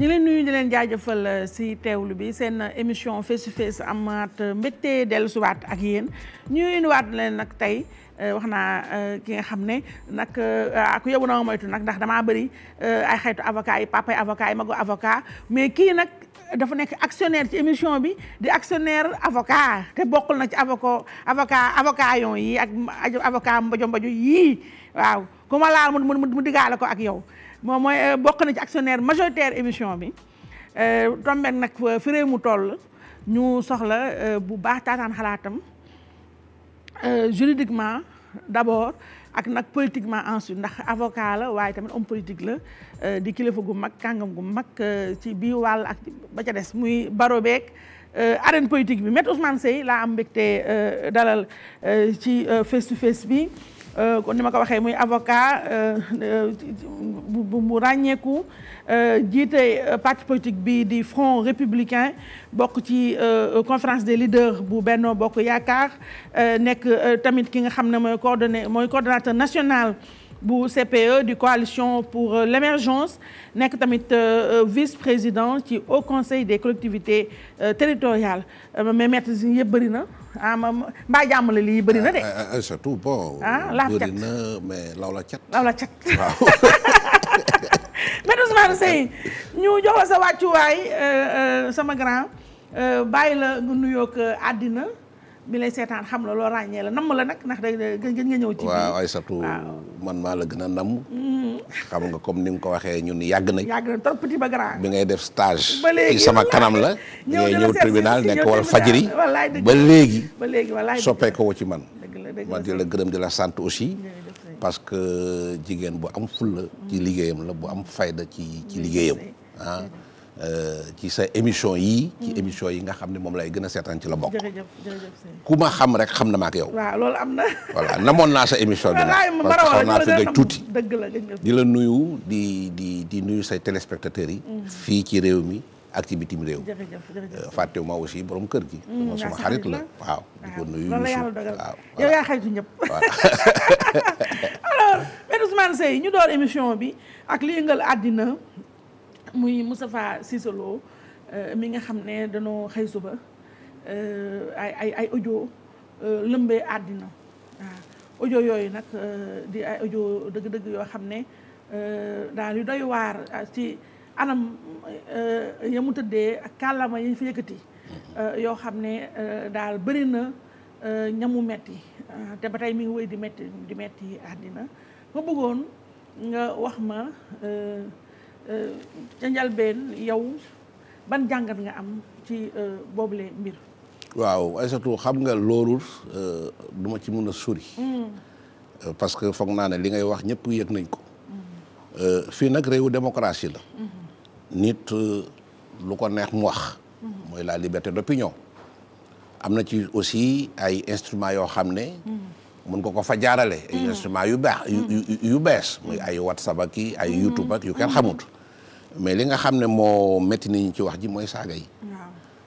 ñi leen nuyu di leen jaajëfal si euh, teewlu bi seen euh, émission face to face amaat euh, mbégte dellusiwaat ak yéen ñu indiwaat leen nag tey wax naa ki nga xam ne nag ak ah, yow na ma moytu nag ndax damaa bëri ay xeetu avocat yi papay avocat yi magu avocat mais kii nag dafa nekk actionnaire ci émission bi di actionnaire avocat te bokkul na ci avocat avocat avocat yon yi ak avocat mbajo mbajo yii waaw ku ma laal mu mu digaale ko ak yow moom mooy euh, bokk na ci actionnaire majoritaire émission bi euh, tombek nag fi réew mu toll ñu soxla euh, bu baax taataan xalaatam juridiquement d'abord ak nag politiquement ensuite ndax avocat la waaye tamit homme politique la di kilifa gu mag kàngam gu mag ci bii wàll ak ba ca des muy baro beeg politique bi Maître Ousmane Seye laa am mbégte dalal ci face to face bi kon euh, ni ma ko waxee muy avocat euh, euh, bu bu ràññeeku jiite parti politique bi di front républicain bokk ci conférence des leaders bu Benno Bokk Yaakaar nekk tamit ki nga xam ne mooy coordonné mooy coordonnateur national bu CPE du coalition pour l'émergence nekk tamit vice-président ci Haut Conseil des collectivités territoriales mais maître yi yëpp bëri na ah ma mbaa jàmm lii bëri na de. surtout bon. ah laaf cat bëri law la cat. law la cat waaw. mais Ousmane Seye ñu jox sa wàccuwaay sama grand bàyyi la nga nuyoog àddina. mi lay seetaan xam la loo ràññee la namm la nag ndax day gën nga man maa la gën a namm. Mm-hmm. xam nga comme ni nga ko waxee ñun yàgg yàgg nañ trop petit bi ngay def stage. ba sama kanam la. ñëw dina ñëw tribunal nekk wal fajiri. ba léegi. ba léegi wallaay ci man. ma la gërëm di la sant aussi. parce que jigéen bu am fulla ci liggéeyam la bu am fayda ci ci liggéeyam Euh, ci sa émission yi ci mm. émission yi nga xam ne moom lay gën a seetaan ci la bokk. ku ma xam rek xam na maak ak yow. waaw loolu am na. voilà namoon naa sa émission bi nag parce que xaw naa fi gëj tuuti. di la nuyu di di di nuyu say téléspectateurs yi. Mm. fii ci réew mi. ak ci bitim réew. Euh, fàttewuma aussi borom kër gi. dama mm, suma xarit la waaw di loolu la yàlla dogal yow yaa xaritu ñëpp. alors Ousmane Seye ñu door émission bi ak li yëngal àddina muy Moustapha Cissé Lo euh, mi nga xam ne danoo xëy suba euh, ay ay ay audio euh, lëmbee àddina waaw audio yooyu nag di ay audio dëgg-dëgg yoo xam ne daal yu doy waar ci anam ya mu tëddee ak kàllaama yi ñu fi yëkkati yoo xam ne daal bëri na ñamu metti te ba tey mi ngi wéy di metti di metti àddina ma bëggoon nga wax ma ca njalbeen yow ban jàngat nga am ci euh, boobule mbir. waaw Aïssatou xam nga loolu euh, du ma ci mun a sori. Mm. Euh, parce que foog naa ne li ngay wax ñëpp yëg nañ ko. Mm. fii nag réewu démocratie la. Mm-hmm. nit lu ko neex mu wax. Mm-hmm. mooy la liberté d'opinion. am na ci aussi ay instruments yoo xam ne. mën mm-hmm. ko ko fa jaarale. ay yu baax yu yu bees. ay WhatsApp ak yi ay YouTube ak yu kenn xamut. mais li nga xam ne moo métti nañu ci wax ji mooy saaga yi.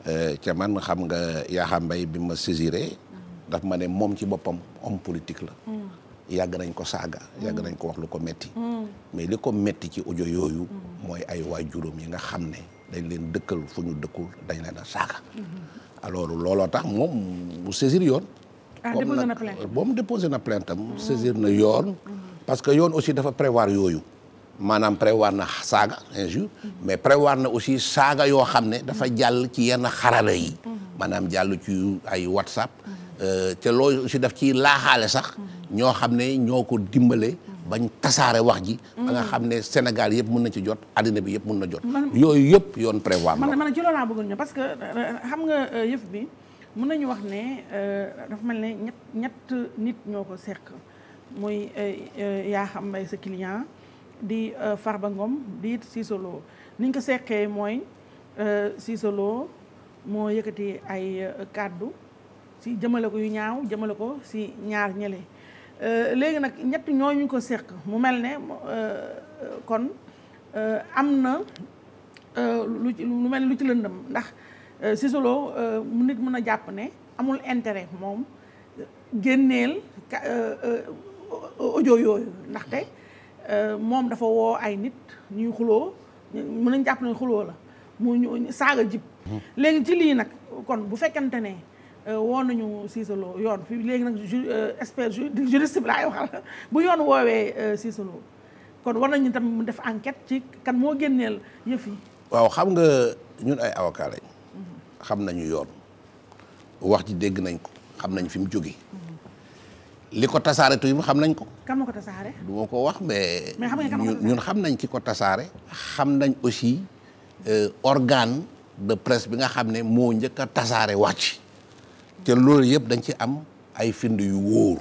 Euh, ca man xam nga Yaxa Mbaye bi ma saisiré. Mm. daf ma ne moom ci boppam homme politique la. Mm. yàgg nañ ko saaga. yàgg mm. nañ ko wax lu ko metti mais li ko metti ci audio yooyu. mooy ay waajuram yi nga xam ne dañ leen dëkkal fu ñu dëkkul dañ leen a saaga. Mm-hmm. alors looloo tax moom mu saisir yoon. ah déposé na plainte boobu déposé na plainte am saisir na yoon. Mm-hmm. parce que yoon aussi dafa prévoir yooyu. maanaam prévoir na saaga injure mais prévoir na aussi saaga yoo xam ne dafa jàll ci yenn xarala yi maanaam jàll ci ay whatsapp euh, te lool aussi daf ci laaxaale sax ñoo xam ne ñoo ko dimbale bañ tasaare wax ji ba nga xam ne Sénégal yëpp mun na ci jot àddina bi yëpp mun na jot yooyu yëpp yoon prévoir man man ci loolu laa parce que euh, xam nga euh, yëf bi mun nañu wax ne dafa mel ne ñett nit ñoo ko seq mooy yaa xam mbay sa client di euh, Farba Ngom di it Cissé ko seqee mooy euh, Cissé Lo moo yëkkati ay euh, kàddu si jëmale ko yu ñaaw jëmale ko si ñaar ñële léegi nag ñett ñoo ñooñu ko seq mu mel ne kon am na lu ci lu mel lu ci lëndëm ndax Cissé Lo mu nit mën a jàpp ne amul intérêt moom génneel audio yooyu ndaxte Euh, moom dafa woo ay nit ñuy xuloo mën nañ jàpp ne xuloo la mu ñu saaga jib mm-hmm. léegi ci lii nag kon bu fekkente ne euh, woo nañu Cissé Lo yoon fii léegi nag euh, expert juriste bi laay waxal bu yoon woowee Cissé kon war nañu tam mu def enquête ci kan moo génneel yëf yi waaw xam nga ñun ay avocat mm-hmm. xam nañu yoon wax ji dégg nañ ko xam nañ fi mu jóge mm-hmm. li ko tasaare tuuti xam nañ ko. kan ma ko du ma ko wax mais. ñun xam nañ ki ko tasaare. xam nañ aussi euh, organe de presse bi nga xam ne moo njëkk a tasaare ci te loolu yëpp dañ ci am ay find yu wóor.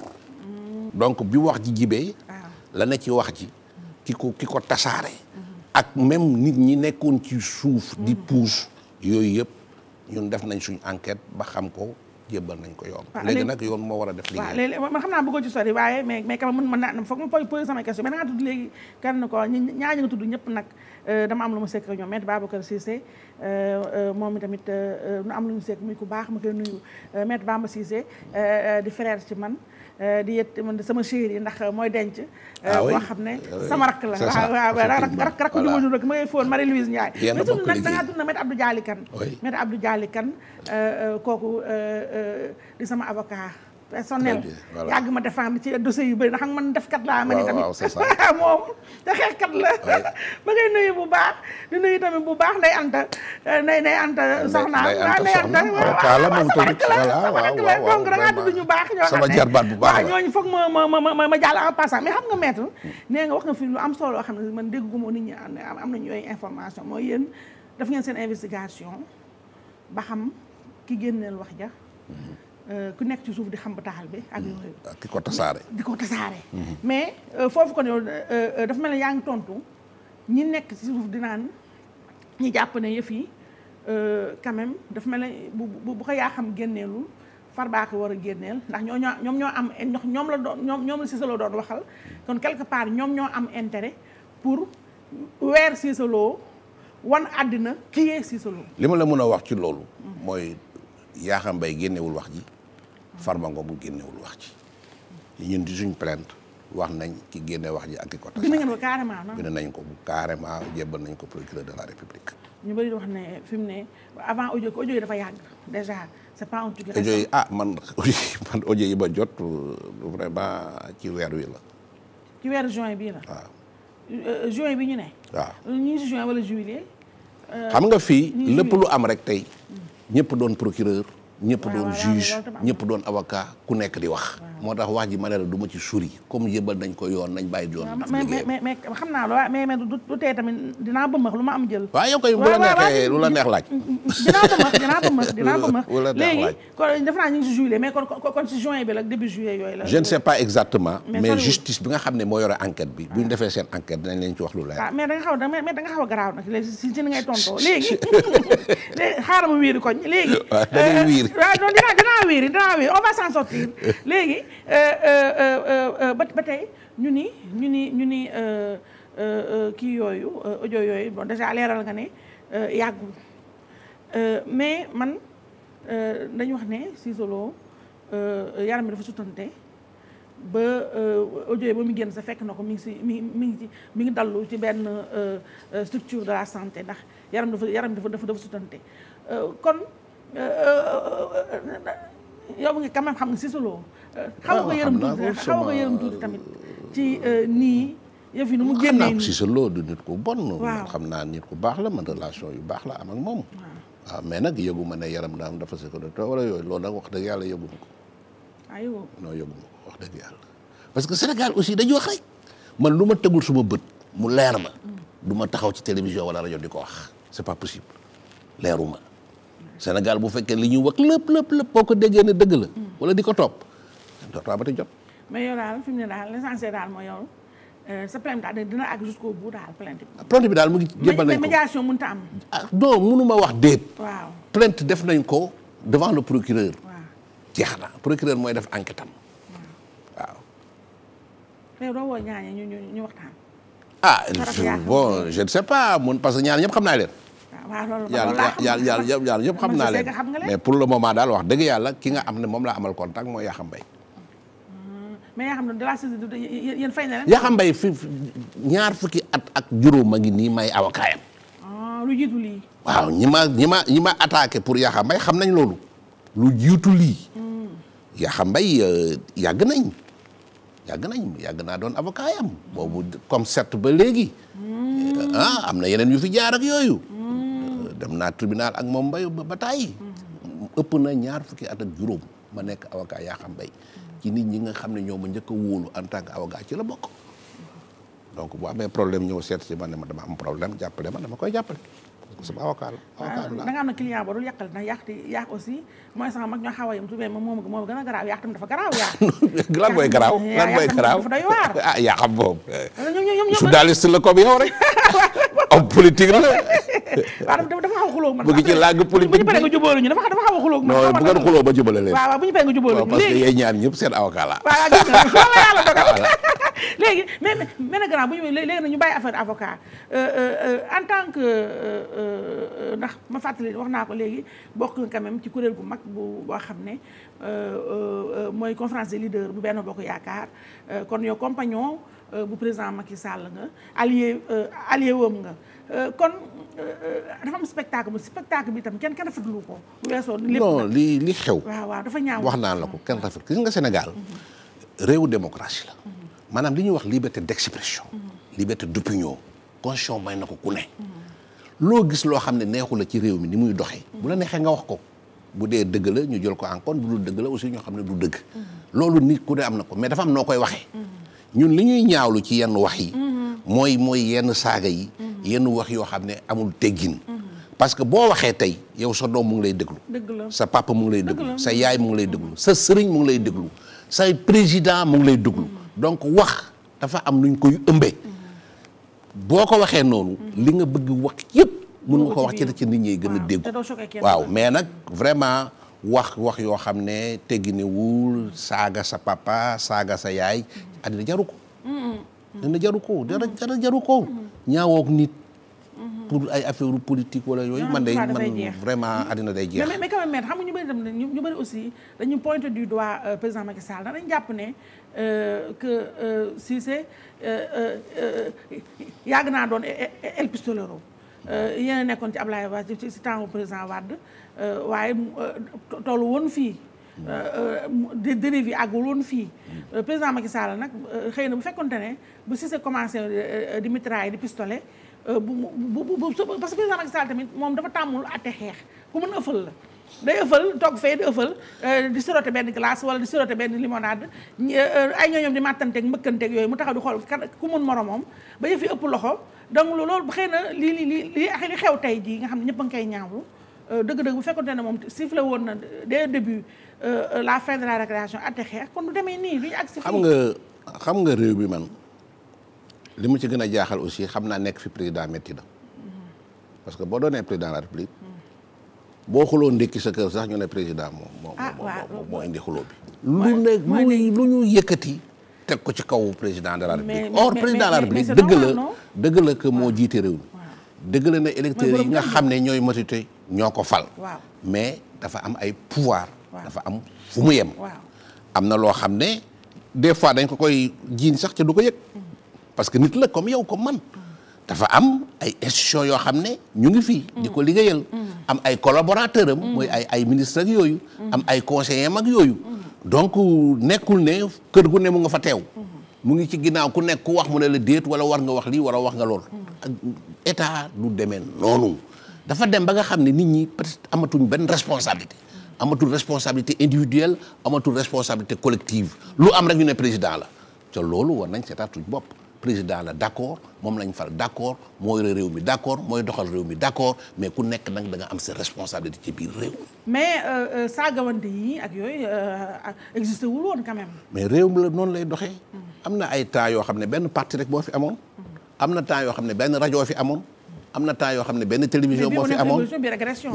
donc bi wax ji jibee. Ah. la na ci wax ji. ki ko ki ko tasaare. ak même nit ñi nekkoon ci suuf. di mm. pousse. yooyu yëpp ñun def nañ suñ enquête ba xam ko. jébbal nañ ko yoon léegi nag yoon moo war a def liggéey léegi man xam naa bëggoo ci sori waaye mais mais quand même mën naa foog ma posé euh, am lu ma sekk ñoom maître Babacar euh, euh, moom i tamit nu am lu ñu sekk muy ku baax ma koy nuyu maître Bamba Cissé di frère ci man Eh, di yet sama yi ndax mooy denc boo eh, ah xam ne eh, sama rakk la ah, waaw rakk rakk ju ma jur rek ma ngay fóon Marie Louise Ndiaye mais tudd nag da ngaa tudd na Maître Abdou Dialy Kane Maître Abdou Dialy Kane kooku di sama avocat personnel yàgg ma défendre ci dossier yu bëri ndax man defkat laa ma ni tamit moom te xeexkat la ba ngay nuyu bu baax di nuyu tamit bu baax nday anta nday euh, nday anta soxna waaw nday anta la moom tamit voilà waaw waaw donc da ngaa tudd ñu baax ñoo sama jarbaat bu baax ñooñu foog ma ma ma ma jàll en passant mais xam nga maître nee nga wax nga fi lu am solo xam ne man moo nit ñi am nañu yooyu information mooy yéen daf ngeen seen investigation ba xam ki génneel wax ja mhm. Euh, ku nekk ci suuf di xam taxal bi ak yooyu. di mm. ko tasaare. di ko tasaare. Mm-hmm. mais euh, foofu kon yow euh, dafa mel ne yaa ngi tontu ñi nekk ci suuf di naan ñi jàpp ne yëf yi quand même dafa mel ne bu bu ko yaa xam génneelul Farba ko war a génneel ndax ñoo ñoo ñoom ñoo am ndax ñoom la doon ñoom ñoom la Cissé Lô doon waxal kon quelque part ñoom ñoo am intérêt pour weer Cissé wan àddina kii yee Cissé li ma la mën a wax ci loolu. Mm. mooy. Yakham Mbaye génnewul wax ji Farba Ngom génnewul wax ji ñun di suñ plainte wax nañ ki génne wax ji ak ki ko tas. bind ko carrément bind nañ ko bu carrément jébbal nañ ko procureur de la république. ñu wax ne fi mu ne avant audio ko audio yi dafa yàgg déjà c'est pas un truc. audio yi ah man man audio yi ba jot euh, vraiment ci weer wi la. ci weeru juin bii ah. euh, bi ñu ne. waaw ah. ñu si juin wala juillet. Euh, xam nga fi lépp lu am rek tey. ñëpp doon procureur ñëpp doon juge ñëpp doon avocat ku nekk di wax moo tax wax ji ma ne la du ma ci suri comme yëbal nañ ko yoon nañ bàyyi yoon. ndax liggéey mais naa la mais mais du tee tamit dinaa bëmmax lu ma am jël. waaw yow kay bu la la neex laaj. dinaa bëmmax dinaa bëmmax dinaa bëmmax. lu la neex laaj léegi kon defe naa ñu ngi si juillet mais kon kon si juin bi leen ci wax lu la. Ah, waaw mais da nga xaw da nga xaw a garaaw nag léegi si léegi Euh, euh, euh, ba ba tey ñu ni ñu ni ñu ni kii yooyu audio yooyu bon déjà leeral nga ne yàggul mais man dañu wax ne Cissé Lo yaram bi dafa sutante ba audio yi ba mu génn sa fekk na ko mi ngi si mi mi ngi ci mi ngi dallu ci benn structure de la santé ndax yaram dafa yaram dafa dafa dafa sutante kon yow nga quand même xam nga Cissé Ah, xaw nga yërëm tuuti xaw euh, mu génnee nii si sa loo du nit ku bon. waaw xam naa nit ku baax la man relation yu baax la am ak moom. waaw ah, mais nag yëgu ma ne yaram daam dafa sa ko doon wala yooyu loolu wax dëgg yàlla yëgu ma ko. aywa non yëgu ma ko que Sénégal aussi dañuy rek man lu ma tegul suma bët mu leer ba mm. du ma taxaw ci télévision wala rajo di ko wax c'est pas possible leeruma Sénégal bu fekkee li ñuy wax lépp lépp lépp boo ko déggee ne dëgg la. Mm. wala di ko topp. doctorat ba tey mais yow daal fi mu ne daal l'essentiel daal mooy yow sa plainte daal dina àgg jusqu'au bout daal plainte bi. plainte bi daal mu ngi jébbal nañ ko médiation mënut a am. ah non wax déet. waaw plainte def nañ ko devant le procureur. waaw jeex na procureur mooy def enquête am waaw. tey doo woo ñaañe ñu ñu ñu waxtaan. ah bon je ne sais pas mun parce que ñaar xam naa leen. waaw yàlla yëpp xam naa leen mais pour le moment daal wax dëgg yàlla ki nga am ne moom laa amal contact mooy yaa xam mbay mais yaa xam ne de la saison yéen fay ñaar fukki at ak juróom a ngi nii may awakaayam. Ah, lu waaw ñi ma ñi ma ñi ma attaqué pour yaa xam xam nañ loolu. lu jiitu lii. Hmm. yaxambay xam euh, yàgg nañ. yàgg nañ yàgg naa doon avocat yam boobu comme set ba léegi. Hmm. ah am na yeneen yu fi jaar ak yooyu. Hmm. Euh, dem naa tribunal ak moom mbayu ba tàyyi. ëpp na ñaar fukki at ak juróom ma nekk avocat yaa ci nit ñi nga xam ne ñoo ma njëkk a wóolu en tant que avocat ci la bokk donc bu amee problème ñëw seet si man ne ma dama am problème jàppale ma dama koy jàppale sama avocat la avocat ah, la da nga am na client ba dul yàqal na yàq di yàq aussi mooy sama mag ñoo xaw a yem su moom moom moom gën a garaaw yàq tam dafa garaaw yàq lan mooy garaaw lan mooy garaaw dafa doy waar ah yaa xam boobu journaliste la comme yow rek homme politique la waaw dafa xaw a xuloo man bëgg ci làgg politique bu ñu paree nga jubóolu ñu dafa xaw a xuloo man non bu ngeen xuloo ba jubale leen waaw bu ñu paree nga jubóolu ñu parce que yéen ñaar ñëpp seen avocat la waaw gis nga loolu yàlla dogal léegi mais mais nag garaaw bu ñu léegi nag ñu bàyyi affaire avocat euh, euh, euh, en tant que Euh, ndax ma fàttali wax naa ko léegi bokk nga quand ci kuréel gu mag bu boo xam ne euh, euh, mooy conférence des leaders bu benn bokk yaakaar kon yow compagnon bu président yi Sall nga allié allié woom nga kon dafa am spectacle bu spectacle bi tam kenn kenn rafetlu ko. weesoo lépp non li xew. waaw waaw dafa ñaaw wax naa la ko kenn rafet gis nga Sénégal mhm. réewu démocratie la. Mhm. maanaam li ñuy wax liberté d'expression. Mhm. liberté d'opinion. constitution may na ko ku loo gis loo xam ne neexu la ci réew mi ni muy doxee. bu la neexee nga wax ko bu dee dëgg la ñu jol ko en compte bu dul dëgg la aussi ñu xam ne du dëgg. loolu nit ku ne am na ko mais dafa am noo koy waxee. ñun li ñuy ñaawlu ci yenn wax yi. mooy mooy yenn saaga yi. yenn wax yoo xam ne amul teggin. parce que boo waxee tey yow sa doom mu ngi lay déglu. sa papa mu ngi lay déglu sa yaay mu ngi lay déglu sa sëriñ mu ngi lay déglu. sa président mu ngi lay déglu. donc wax dafa am nuñ koy ëmbee. boo ko waxee noonu. Mhm. li nga bëgg wax yëpp. mën nga ko wax ci ci nit ñi gën a dégg. waaw mais nag vraiment wax wax yoo xam ne tegginewul saaga sa papa saaga sa yaay. Mhm. àddina jaru ko. dana jaru ko dara dara jaru ko. ñaawook nit. pour ay affaire politique wala yooyu. man day man vraiment àddina day jeex. mais mais quand même ñu bëri aussi dañu pointé du doigt euh, président Macky Sall dañu jàpp ne. Euh, que euh, Cissé euh, yàgg naa doon e, e, El Pistolero yéen nekkoon ci Ablaye Wade ci temps président Wade waaye tollu woon fii. Hmm. de dérive yi àggul woon fii. Hmm. président Macky Sall nag xëy na bu fekkonte ne bu Cissé commencé di mitraille di pistolet bu bu bu parce que président Macky tamit moom dafa tàmmul àtte xeex ku mën ëffal la. day ëffal toog fee di ëffal euh, di siroté benn glace wala di siroté benn limonade euh, ay ñooñoom di màttanteeg mbëkkanteeg yooyu mu tax di xool ku mun moroomam ba yëf yi ëpp loxo donc loolu xëy na lii li li li xew tey jii nga xam ne ñëpp a koy ñaawlu euh, dëgg-dëgg bu fekkonte ne moom sifflé woon na dès début la fin de la récréation atte xeex demee nii duñu agsi xam nga xam nga réew mi man li mu ci gën a jaaxal aussi xam naa nekk fi président métti da parce que boo doonee président de la république boo xuloo ndékki sa kër sax ñu ne président moo moo ah, moo indi xuloo bi lu nekk lu ñu yëkkati teg ko ci kaw président de la république or président de la république dëgg la dëgg la que moo jiite réew mi dëgg la ne électeurs yi nga xam ne ñooy matute ñoo ko fal mais dafa am ay pouvoir dafa am fu mu yem am na loo xam ne des fois dañ ko koy jiin sax ca du ko yëg mm. parce que nit la comme yow ko man ah. dafa am ay institutions yoo xam ne ñu ngi fii di ko liggéeyal. am ay collaborateurs am. mooy ay ay ministres ak yooyu. am ay conseillers am ak yooyu. donc nekkul ne kër gu ne mu nga fa teew. mu ngi ci ginnaaw ku nekk ku wax mu ne la déet wala war nga wax lii wala wax nga lool. ak état du demee noonu. dafa dem ba nga xam ne nit ñi peut amatuñ benn responsabilité. amatul responsabilité individuelle amatul responsabilité collective lu am rek ñu ne président la te loolu war nañ seetaat suñ bopp. président la d'accord moom lañ fal d'accord moo yore réew mi d'accord mooy doxal réew mi d'accord mais ku nekk nag da nga am sa responsabilité ci biir réew mais euh, euh, ak yooyu euh, existé wul woon quand mais réew mi la noonu lay doxee am na ay temps yoo xam ne benn parti rek boo fi amoon am na temps yoo xam ne benn rajo fi amoon am na temps yoo xam ne benn télévision boo fi amoon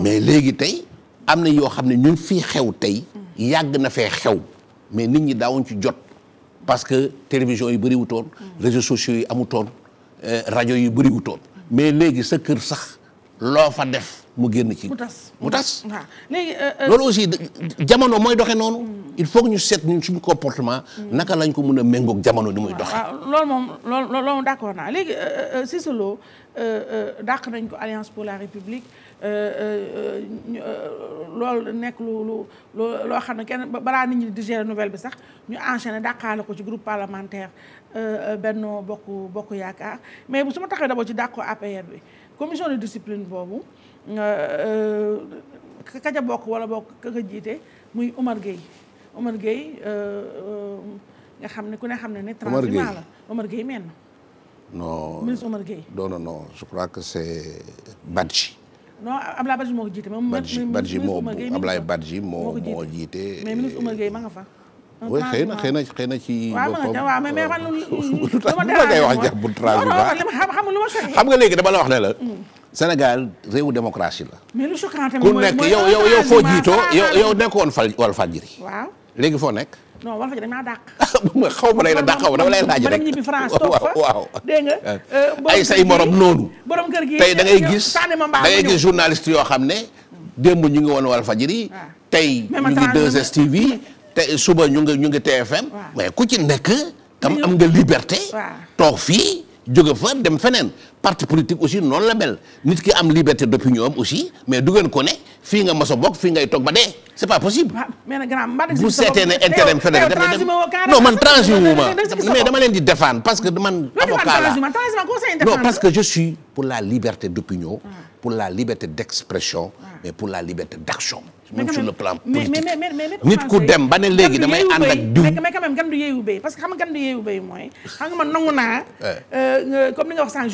mais léegi tey am na yoo xam ne ñun fii xew tey yàgg na fee xew mais nit ñi daawuñ ci jot parce que télévision yi bëriwutoon réseaux sociaux yi amutoon euh, rajo yi bëriwutoon mais léegi sa kër sax loo fa def mu génn ci. mu tas mu tas. waaw léegi. Euh, euh, loolu aussi jamono mooy doxe noonu. il faut ñu seet ñun suñu comportement. naka lañ ko mun a méngoog jamono ni muy doxe waaw loolu moom loolu loolu d' accord naa léegi Cissé Lo dàq nañ ko Alliance pour la République. Euh, euh, euh, loolu nekk lu lu loo xam ne kenn balaa nit ñi di digérer nouvelle bi sax ñu enchaîner dàqaale ko ci groupe parlementaire Benno Bokk Bokk Yaakaar mais bu su ma taxee d'abord ci dàqoo APR bi commission de discipline boobu kaja bokk wala bokk ka jiite muy Omar Gueye Omar Gueye nga xam ne ku ne xam ne ne transhumant la Omar Gueye meen non ministre Omar Gueye non non je crois que c'est Badji non Ablaye Badji moo ko jiite moom. Badji Badji moo Ablaye Badji moo moo jiite. mais ministre Oumar Gueye ma nga fa. oui xëy na xëy na xëy na ci. waaw ma nga waaw mais mais man lu tax lu ngay wax jàpp bu xam nga léegi dama la wax ne la. Mm. Sénégal réewu démocratie la. mais lu choquant tamit ku nekk yow yow yow foo jiitoo yow yow nekkoon Walfadjri. waaw léegi foo nekk. non wala fa dañ maa dàq. ma xaw ma lay la dàq xaw ma dama lay laaj rek ma dem ñibbi France toog eh. Eh, ay say morom noonu. borom kër tey da ngay gis da ngay gis yoo xam ne. démb ñu ngi woon Walfadjri. waaw ah. tey ñu ngi 2STV. tey suba ñu ngi ñu ngi TFM. mais ku ci nekk. tam am nga liberté. toog fii. jóge fa dem feneen parti politique aussi noonu la mel nit ki am liberté d'opinion am aussi mais du ngeen ko ne fii nga mos a bokk fii ngay toog ba dee c'est pas possible. Ah, mais nag bu seetee ne intérêt feneen non man transhumé mais dama leen di défendre parce que man. avocat la parce que je suis pour la liberté d'opinion ah. pour la liberté d'expression ah. mais pour la liberté d'action. même sur le plan politique nit ku dem ba ne léegi damay ànd ak diw mais quand même yeewu béy parce que xam nga gan du yeewu béy mooy xam nga man nangu naa euh, comme li nga wax sànq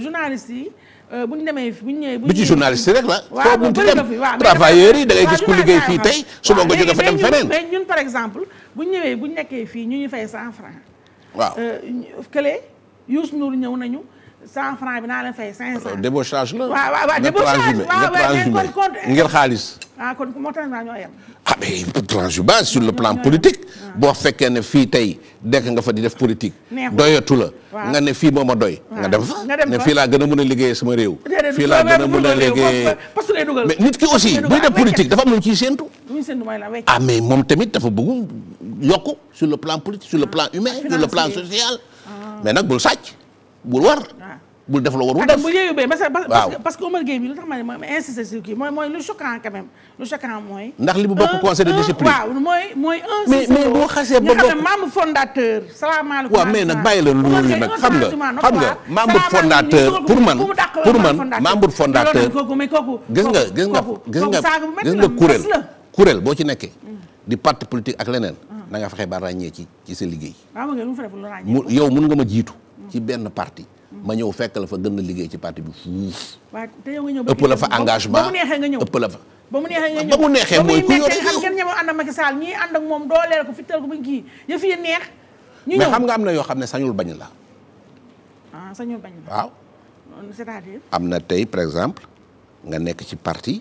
journaliste yi euh, bu ñu demee bu ñu ñëwee bu ci journaliste rek la foo liggéey fii tey suba nga jóge fa par exemple bu ñu ñëwee bu ñu nekkee fii ñu ñu fay cent francs waaw euh, kële Youssou Ndour ñëw nañu cent franc bi naa leen fay cinq cent. débauchage la. waaw waaw waaw débauchage waaw waaw kon ngir xaalis. ah kon moo tax naa ñoo yem. ah mais transhumance ah, sur le plan politique. Ah. boo fekkee ne fii tey dekk nga fa di def politique. doyatu la. nga ne fii moo ma doy. nga ah. dem fa ne fii laa gën a mën a liggéey sama réew. fii laa gën a mën a liggéey mais nit ki aussi buy def politique dafa am lu ñu ciy séentu. ah mais moom tamit dafa bëgg yokk sur le plan politique sur le plan humain sur le plan social. mais nag bul sàcc. bul war. Ah. bul def la warul ah, def bu yooyu parce que parce que Omar bi lu tax ma ne ma insisté sur kii mooy mooy lu choquant quand même lu choquant mooy. ndax li mu ba bokk nga xam ne fondateur. salaamaaleykum waaw mais nag bàyyi la lu ñu nga xam nga fondateur pour man pour man membre fondateur. gis nga gis nga gis nga gis nga kuréel kuréel boo ci nekkee. Mm. di parti politique ak leneen. Mm. na nga fexe ba ràññee ci ci sa liggéey. mu yow mun nga ma jiitu. ci benn parti ma ñëw fekk la fa gën a liggéey ci parti bi fuuf. ëpp la fa engagement ëpp la fa. ba mu neexee nga ñëw ba mu neexee mooy ku yore réew kenn ñëw ànd ak Macky Sall ñii moom dooleel ko ba kii yëf yi ñëw mais xam nga am na yoo xam ne sañul bañ la. ah sañul bañ la waaw. am na tey par exemple nga nekk ci parti.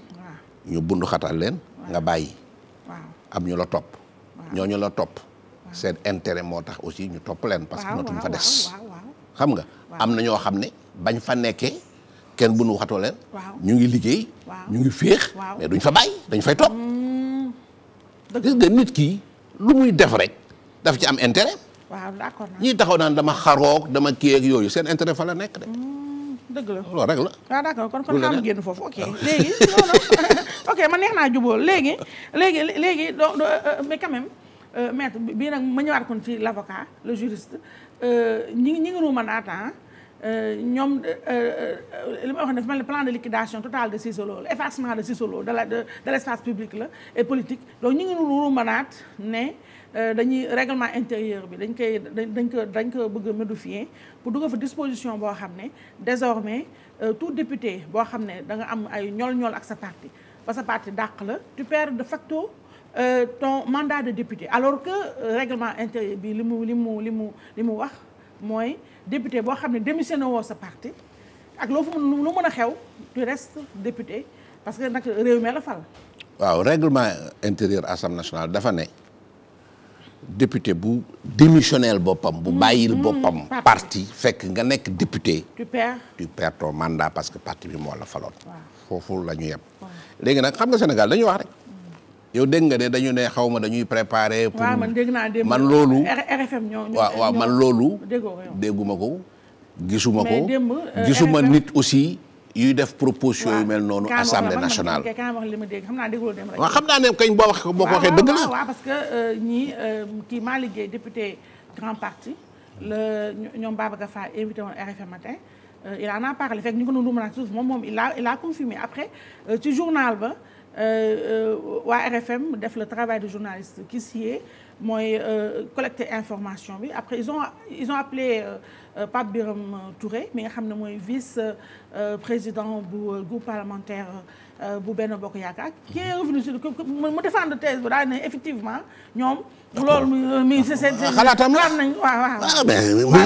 ñu bundu leen. nga bàyyi. waaw am ñu la topp. ñooñu la topp. seen intérêt moo tax aussi ñu topp leen. parce que nootuñ fa des. xam nga am na ñoo xam ne bañ fa nekkee kenn bu nu waxatoo leen ñu ngi liggéey ñu ngi féex mais duñ fa bàyyi dañ fay topp mm. gis nga nit kii lu muy def rek daf ci am intérêt waaw d'accord ñii taxaw naan dama xaroog dama kii yooyu seen intérêt fa la nekk de mm, dëgg la loolu ah, génn foofu ok ah. léegi non non ok man neex naa jubóol léegi léegi léegi do euh, euh, mais quand même euh, maître bii nag ma ñëwaat kon ci l'avocat le juriste ñi euh, ñi ngi ruuma naata euh, ñoom euh, li ma wax ne dafa mel ne plan de liquidation totale de Cissé Lô effacement de Cissé Lô de la de la et politique donc ñu ngi ruumanaat ne dañuy règlement intérieur bi dañ koy dañ ko dañ ko bëgg a modifier pour dugal fa disposition boo xam ne désormais tout député boo xam ne da nga am ay ñool ñool ak sa parti ba sa parti dàq la tu perds de facto Euh, ton mandat de député alors que euh, règlement intérieur bi li mu li mu li mu li mu wax mooy député boo xam ne démissionné woo sa parti ak loo fu mu lu mën a xew tu restes député parce que nag réew mi la fal. waaw règlement intérieur assemblée nationale dafa ne député bu démissionnel boppam. bu mm-hmm. bàyyil boppam. parti fekk nga nekk député. tu perds tu perds ton mandat parce que parti bi moo la faloon. foofu la ñu léegi nag xam nga Sénégal dañu wax rek. yow dégg nga ne dañu ne xaw ma dañuy préparer. pour man dégg naa démb man loolu. RFM ñoo waaw man loolu. dégguma ko gisuma ko. mais euh, gisuma nit aussi. yuy def proposition yu mel noonu. assemblée nationale waaw li xam naa dégguloo dem rek. xam naa ne kañ boo wax boo ko waxee dëgg la parce que euh, ñii euh, kii maa liggéey député grand parti. la ñoom Babacar Fall invité woon RFM matin. il en a parlé fekk ñu ko doon ruumanaa suuf moom moom il a il après ci journal ba. Euh, euh, waa RFM def le travail de journaliste qui s'y est mooy euh, collecter information bi après ils ont ils ont appelé Pape Biram Touré mi nga xam ne mooy vice président bu groupe parlementaire bu Benno Bokk Yaakaar qui est revenu sur mu défendre thèse bu daal ne effectivement ñoom loolu mi si seen xalaatam la nañ waaw waaw ah,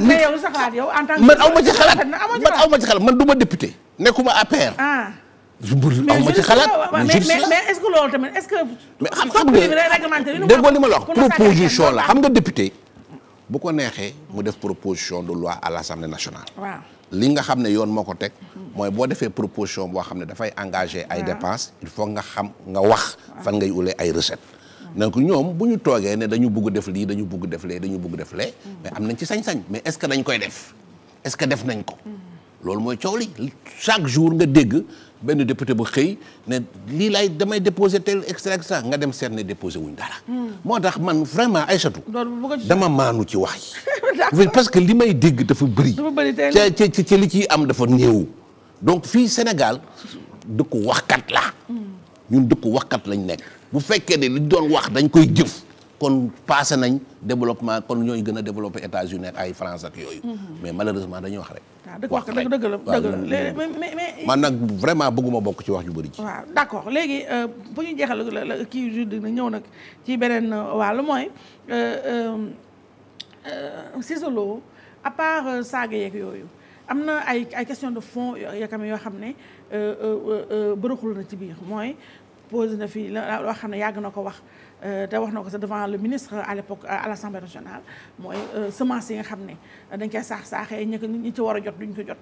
mais yow sa xalaat yow en tant que man aw ma ci xalaat man aw ma ci xalaat man du ma député ma APR ah. amuma ci xalaat mais ma ce que loolu tamit est-ce que. mais xam nga ma la wax la xam nga député. bu ko neexee mu def proposition de loi à l'Assemblée nationale. li nga xam ne yoon moo ko teg. mooy boo defee proposition boo xam ne dafay engager ay dépenses il faut nga xam nga wax fan ngay ulee ay recettes. donc ñoom bu ñu toogee ne dañu bugg def lii dañu bugg def lee dañu bugg def lee. mais mm-hmm. am nañ ci sañ-sañ mais est-ce que dañ koy def est-ce que def nañ ko. Mm-hmm. loolu mooy coow li chaque jour nga dégg benn député bu xëy ne lii laay damay déposé tel extra extra nga dem seet ne déposé wuñ dara. Hmm. moo tax man vraiment Aïssatou dama maanu ci wax yi. parce que li may dégg dafa bëri. dafa ci ci li ciy am dafa néew. donc fii Sénégal dëkku waxkat la hmm. ñun dëkku waxkat lañ nekk. bu fekkee ne liñ doon wax dañ koy jëf. kon passé nañ développement kon ñooy gën a développé États-Unis ak ay France ak yooyu. mais malheureusement dañuy wax rek. Ah, wax rek dëgg dëgg la man nag vraiment bëgguma bokk ci wax ju bëri ci. waaw d' accord léegi euh, bu ñu jeexal la kii jur dina ñëw nag ci beneen euh, wàllu mooy euh, Cissé Lo à part saaga yeeg yooyu am na ay question de fond yakam yoo xam ne bëruxul na ci biir mooy pose na fii loo xam ne yàgg na ko wax. Euh, te wax na ko sax devant le ministre à l'époque euh, à l'Assemblée nationale mooy euh, semence yi nga xam ne dañ koy saax saaxee ñi ko ci war a jot duñ ko jot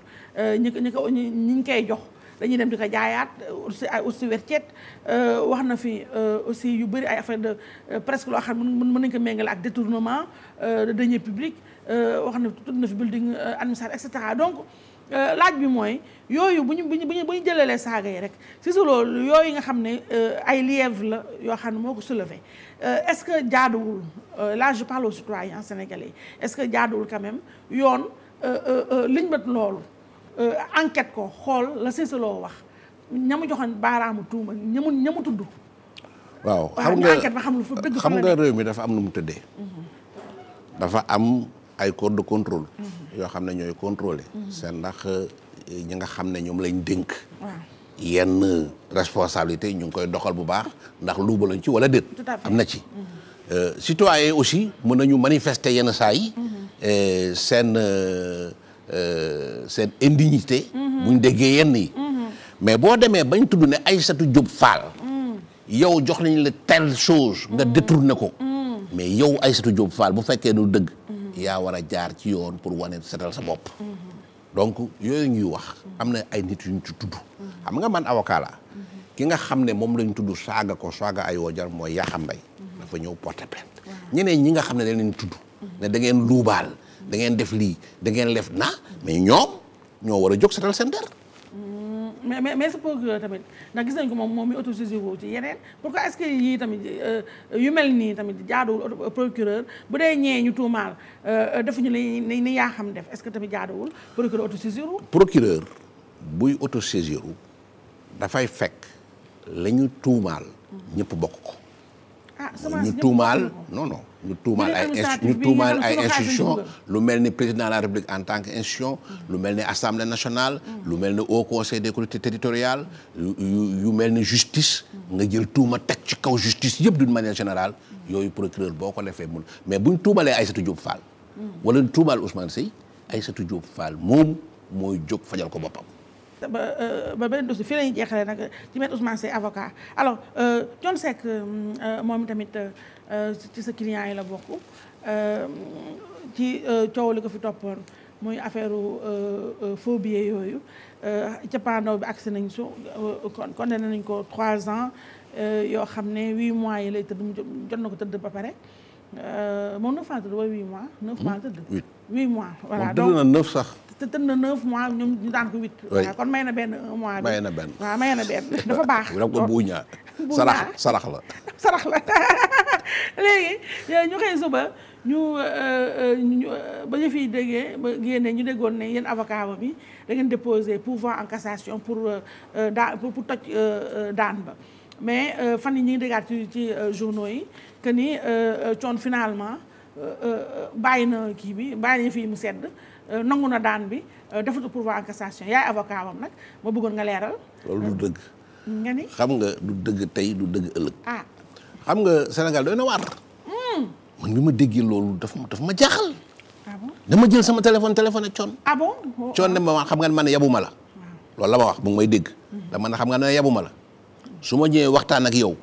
ñi ko ñi ko ñi koy jox dañuy dem di ko jaayaat aussi ay aussi werceet wax na fi aussi yu bëri ay affaire de presque loo xam mun mën nañ ko méngale ak détournement de deniers publics wax na tudd na fi building administration et cetera donc Euh, laaj bi mooy yooyu bu ñu bu ñu bu ñu jëlalee saaga yi rek si su loolu yooyu nga xam ne euh, ay lièvre la yoo xam ne moo ko soulevé euh, est-ce que jaaduwul la je parle aux citoyens sénégalais est-ce que jaaduwul quand même yoon liñ bët loolu enquête ko xool la si loo wax ñamu joxoon baaraamu tuuma ñamu ñamu tudd. waaw xam nga xam nga réew mi dafa am nu mu tëddee. Mhm. dafa am. ay corps de contrôle. yoo xam ne ñooy contrôler. seen ndax euh, ñi nga xam ne ñoom lañ dénk. yenn responsabilité ñu ngi koy doxal bu baax ndax luuba lañ ci wala déet. am na ci. Euh, citoyen aussi mën nañu manifester yenn saa yi. Mm-hmm. Euh, seen seen indignité. muñ mm-hmm. déggee yenn yi. Mm-hmm. mais boo demee bañ tudd ne ay Aïssatou Diop Fall. Mm. yow jox nañ la telle chose nga mm. détourné ko. Mm. mais yow ay Aïssatou Diop Fall bu fekkee nu dëgg. yaa war a jaar ci yoon pour wane setal sa bopp donc yooyu ñuy wax am na ay nit yuñ ci tudd xam nga man avocat la ki nga xam ne moom lañ tudd saaga ko saaga ay woojar mooy Yakham Mbaye dafa ñëw porter plainte ñi nga xam ne dañ leen tudd ne da ngeen luubaal da ngeen def lii da lef na mais ñoom ñoo war a jóg setal seen mais mais mais sa procureur tamit ndax gis nañ ko moom moom mi autosaisir woo ci yeneen pourquoi est-ce que yii tamit euh, yu mel nii tamit jaaduwul euh, procureur bu dee ñëwee ñu tuumaal euh, defuñu ni ni yaa xam def est-ce que tamit jaaduwul procureur wu procureur buy autosaisir dafay fekk la ñu tuumaal ñëpp bokk ko Ah, ñu tuumaal non non ñu tuumaal ay ñu tuumaal ay institution lu mel ni président de la république en tant que institution lu mel ni assemblée nationale mm. lu mel ni haut conseil des collectivités territoriales yu mel ni justice mm. nga jël tuuma teg ci kaw justice yëpp d'une manière générale mm. yooyu procureur boo ko defee mun mais buñ tuumalee Aïssatou Diop faal wala tuumaal Ousmane Seye Aïssatou Diop Fall moom mooy jóg fajal ko boppam ba euh, ba benn dossier fii la ñuy jeexalee nag ci maître Ousmane Seye avocat alors euh, Thione Seck euh, moom tamit ci sa client yi la bokk ci coow li ko fi toppoon muy affaire faux billets yooyu cappaandaw bi agsi nañ su kon condamné nañ ko trois ans yoo xam ne huit mois yi lay tëdd mu jot na ko tëdd ba pare moom neuf ans tëdd wala huit mois neuf mois tëdd huit mois voilà donc dëgg na neuf sax te tën na neuf mois ñoom ñu kon may na benn mois. may na benn waaw na benn dafa baax. donc ko buuñaa sarax sarax la. sarax la léegi euh, ñu xëy suba ñu euh, euh, ba ñu fiy déggee ba génnee ñu déggoon ne yéen avocat bi da ngeen déposé pourvoi en cassation pour pour toj daan ba. mais fan yi ñu ngi déggaat ci ci yi que ni coon finalement bàyyi na kii bi bàyyi na fii mu sedd. Euh, nangu na daan bi euh, defatu pourvoi en cassation yaay avocat ma bëggoon nga leeral. loolu du dëgg. xam nga du dëgg tey du dëgg ëllëg. ah xam nga Sénégal doy na waar. Hmm. man bi ma déggee loolu daf daf ma jaaxal. ah dama jël sama téléphone téléphone ak coon. ah bon coon ah. ne ma xam nga man yabuma la. Ah. loolu la ma wax bu may dégg. Hmm. dama ne xam nga ne yabuma la. su ma ñëwee waxtaan ak yow.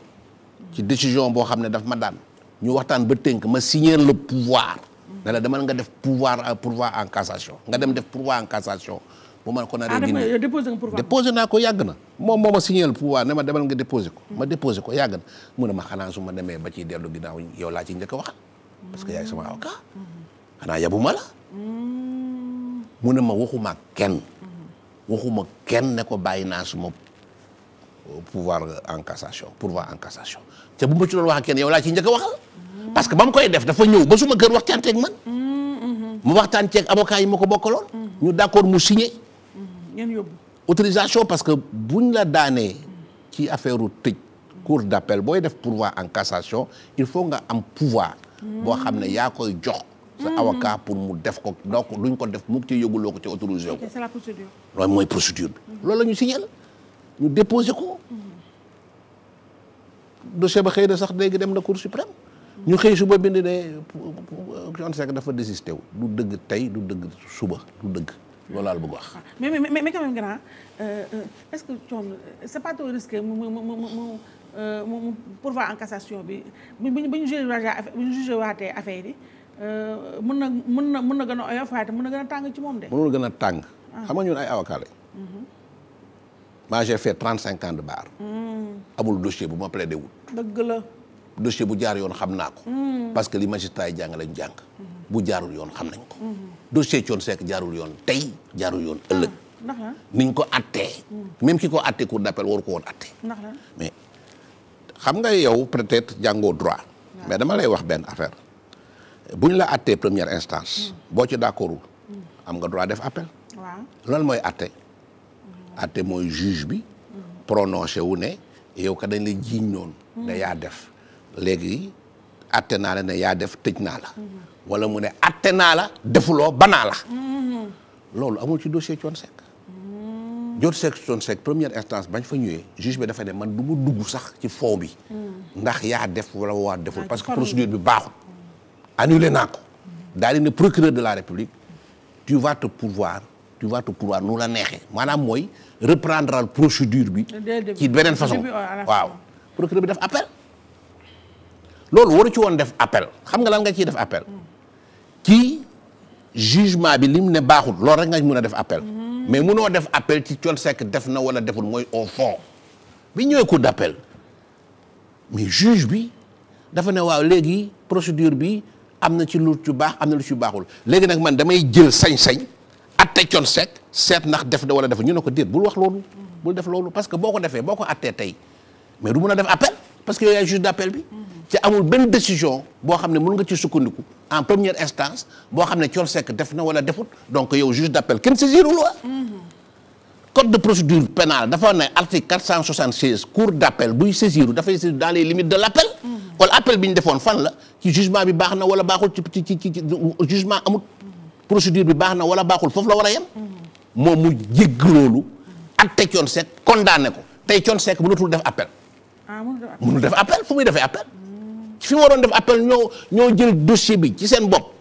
ci décision boo xam ne daf ma daan. ñu waxtaan ba tënk ma signer le pouvoir. ne la demal nga def pouvoir euh, pourvoi en cassation nga dem def pourvoi en cassation bu ma ko naree dina déposé naa ko yàgg na moom moo ma signalé pouvoir ne ma demal nga déposé ko ma déposé ko yàgg na mu ne ma xanaa su ma demee ba ciy dellu ginnaaw yow laa ci njëkk a parce que yaay sama avocat xanaa yabuma la mu ne ma waxuma kenn waxuma kenn ne ko bàyyi naa suma euh, pouvoir en cassation pourvoi en cassation te bu ma ci doon wax ak laa ci njëkk waxal parce que ba mu koy def dafa ñëw ba ma kër waxtaan ceeg man. mu waxtaan ceeg avocat yi ma ko bokk bokkaloon. ñu d'accord mu signé. ngeen yóbbu autorisation parce que buñ la daanee. ci affaire u tëj. cour d'appel booy def pourvoi en cassation il faut nga am pouvoir. boo xam ne yaa koy jox. sa avocat pour mu def ko donc luñ ko def mu ci yëguloo ko ci autorisé ko. c'est la mooy procédure bi. lool la ñu signé ñu déposé ko. dossier ba xëy na sax léegi dem na cour suprême. ñu xëy suba bind ne Thione dafa désisté du dëgg tey du dëgg suba du dëgg loolu laal bëgg wax. mais mais mais quand même grand euh, euh, est-ce que Thione c'est pas trop risqué mu mu mu mu mu euh, bi bu ñu bu ñu jugé bu ñu affaire yi mën na mën na mën na gën a oyof waaye mën tàng ci moom de. mënul gën a tàng. Ah. xam nga ñun ay avocats lañ. maa mhm. j'ai fait trente cinq ans de bar. Hmm. bu ma plaidé wul. dëgg la. dossier bu jaar yoon xam naa ko. parce que li magistrat yi jàng lañ jàng. bu jaarul yoon xam nañ ko. dossier Thione seek jaarul yoon tey jaarul yoon ëllëg. niñ ko attee. même ki ko attee cour d'appel waru ko woon attee. mais xam nga yow peut-être jàngoo droit. mais dama lay wax benn affaire buñ la attee première instance. Hmm. boo ci d'accordul xam nga droit def appel. waaw loolu mooy atte atte mooy juge bi. Hmm. prononcé wu ne yow ka dañ la jiiñ noonu. da hmm. yaa def. léegi atte naa la ne yaa def tëj naa la wala mu ne atte naa la defuloo banaa la loolu amul ci dossier Thione Seck Thione Seck Thione Seck première instance bañ fa ñëwee juge bi dafa ne man du ma dugg sax ci foow bi ndax yaa def wala waa deful parce que procédure bi baaxul annulé naa ko daal di ne procureur de la république tu vas te pourvoir tu vas te pourvoir nu la neexee maanaam mooy reprendre procédure bi ci beneen façon waaw procureur bi def appel loolu waru ci woon def appel xam nga lan nga ci def appel ci jugement bi lim ne baaxul loolu rek nga mun a def appel mm-hmm. mais munoo def appel ci Thione Seck def na wala deful mooy au fond bi ñëwee cour d'appel mais juge bi dafa ne waaw léegi procédure bi am na ci lu ci baax am na lu ci baaxul léegi nag man damay jël sañ-sañ atte Thione Seck seet ndax def da wala deful ñu ne ko déet bul wax loolu bul def loolu parce que boo ko defee boo ko attee tey mais du ci amul benn décision boo xam ne mën nga ci sukkandiku en première instance boo xam ne Thione Seck def na wala defut donc yow juge d'appel kenn saisirul wa mm-hmm. code de procédure pénale dafa ne article 476 cour d'appel buy saisiru dafay saisir dans les limites de l'appel mm-hmm. appel bi ñu defoon fan la ci jugement bi baax na wala baaxul ci ci ci jugement amut mm-hmm. procédure bi baax na wala baaxul foofu la war a yem moom mu jégg loolu atte Thione Seck condamné ko tey Thione Seck mënatul def appel ah, mënul def appel fu muy defee appel fi waroon def appel ñoo ñoo jël dossier bi ci seen bopp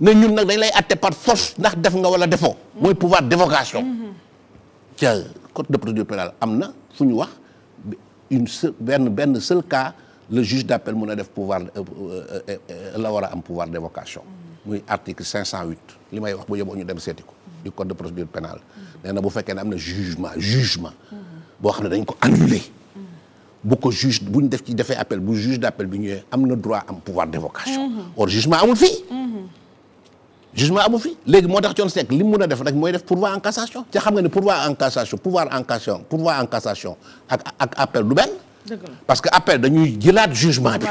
ne ñun nag dañ lay atte part force ndax def nga wala defoo. mooy pouvoir d'évocation. Mm-hmm. ca code de procédure pénale am na fu ñu wax une benn benn seul cas le juge d'appel mun a def pouvoir euh, euh, la war a am pouvoir d'évocation. Mm-hmm. muy article 508 li may wax bu yóbboo ñu dem seeti ko. du code de procédure pénale mm-hmm. nee na bu fekkee ne am na jugement jugement. boo xam ne dañ ko annuler bu ko juge bu ñu def ci defee appel bu juge d'appel bi ñëwee am na droit am pouvoir d'évocation. Mhm. or jugement amul fii. Mhm. jugement amul fii léegi moo tax coon Seck li mu mën a def rek mooy def pourvoi en cassation. te xam nga ne pourvoi en cassation pouvoir en cassation pourvoi en cassation ak ak appel du benn. parce que appel dañuy jëlaat jugement bi.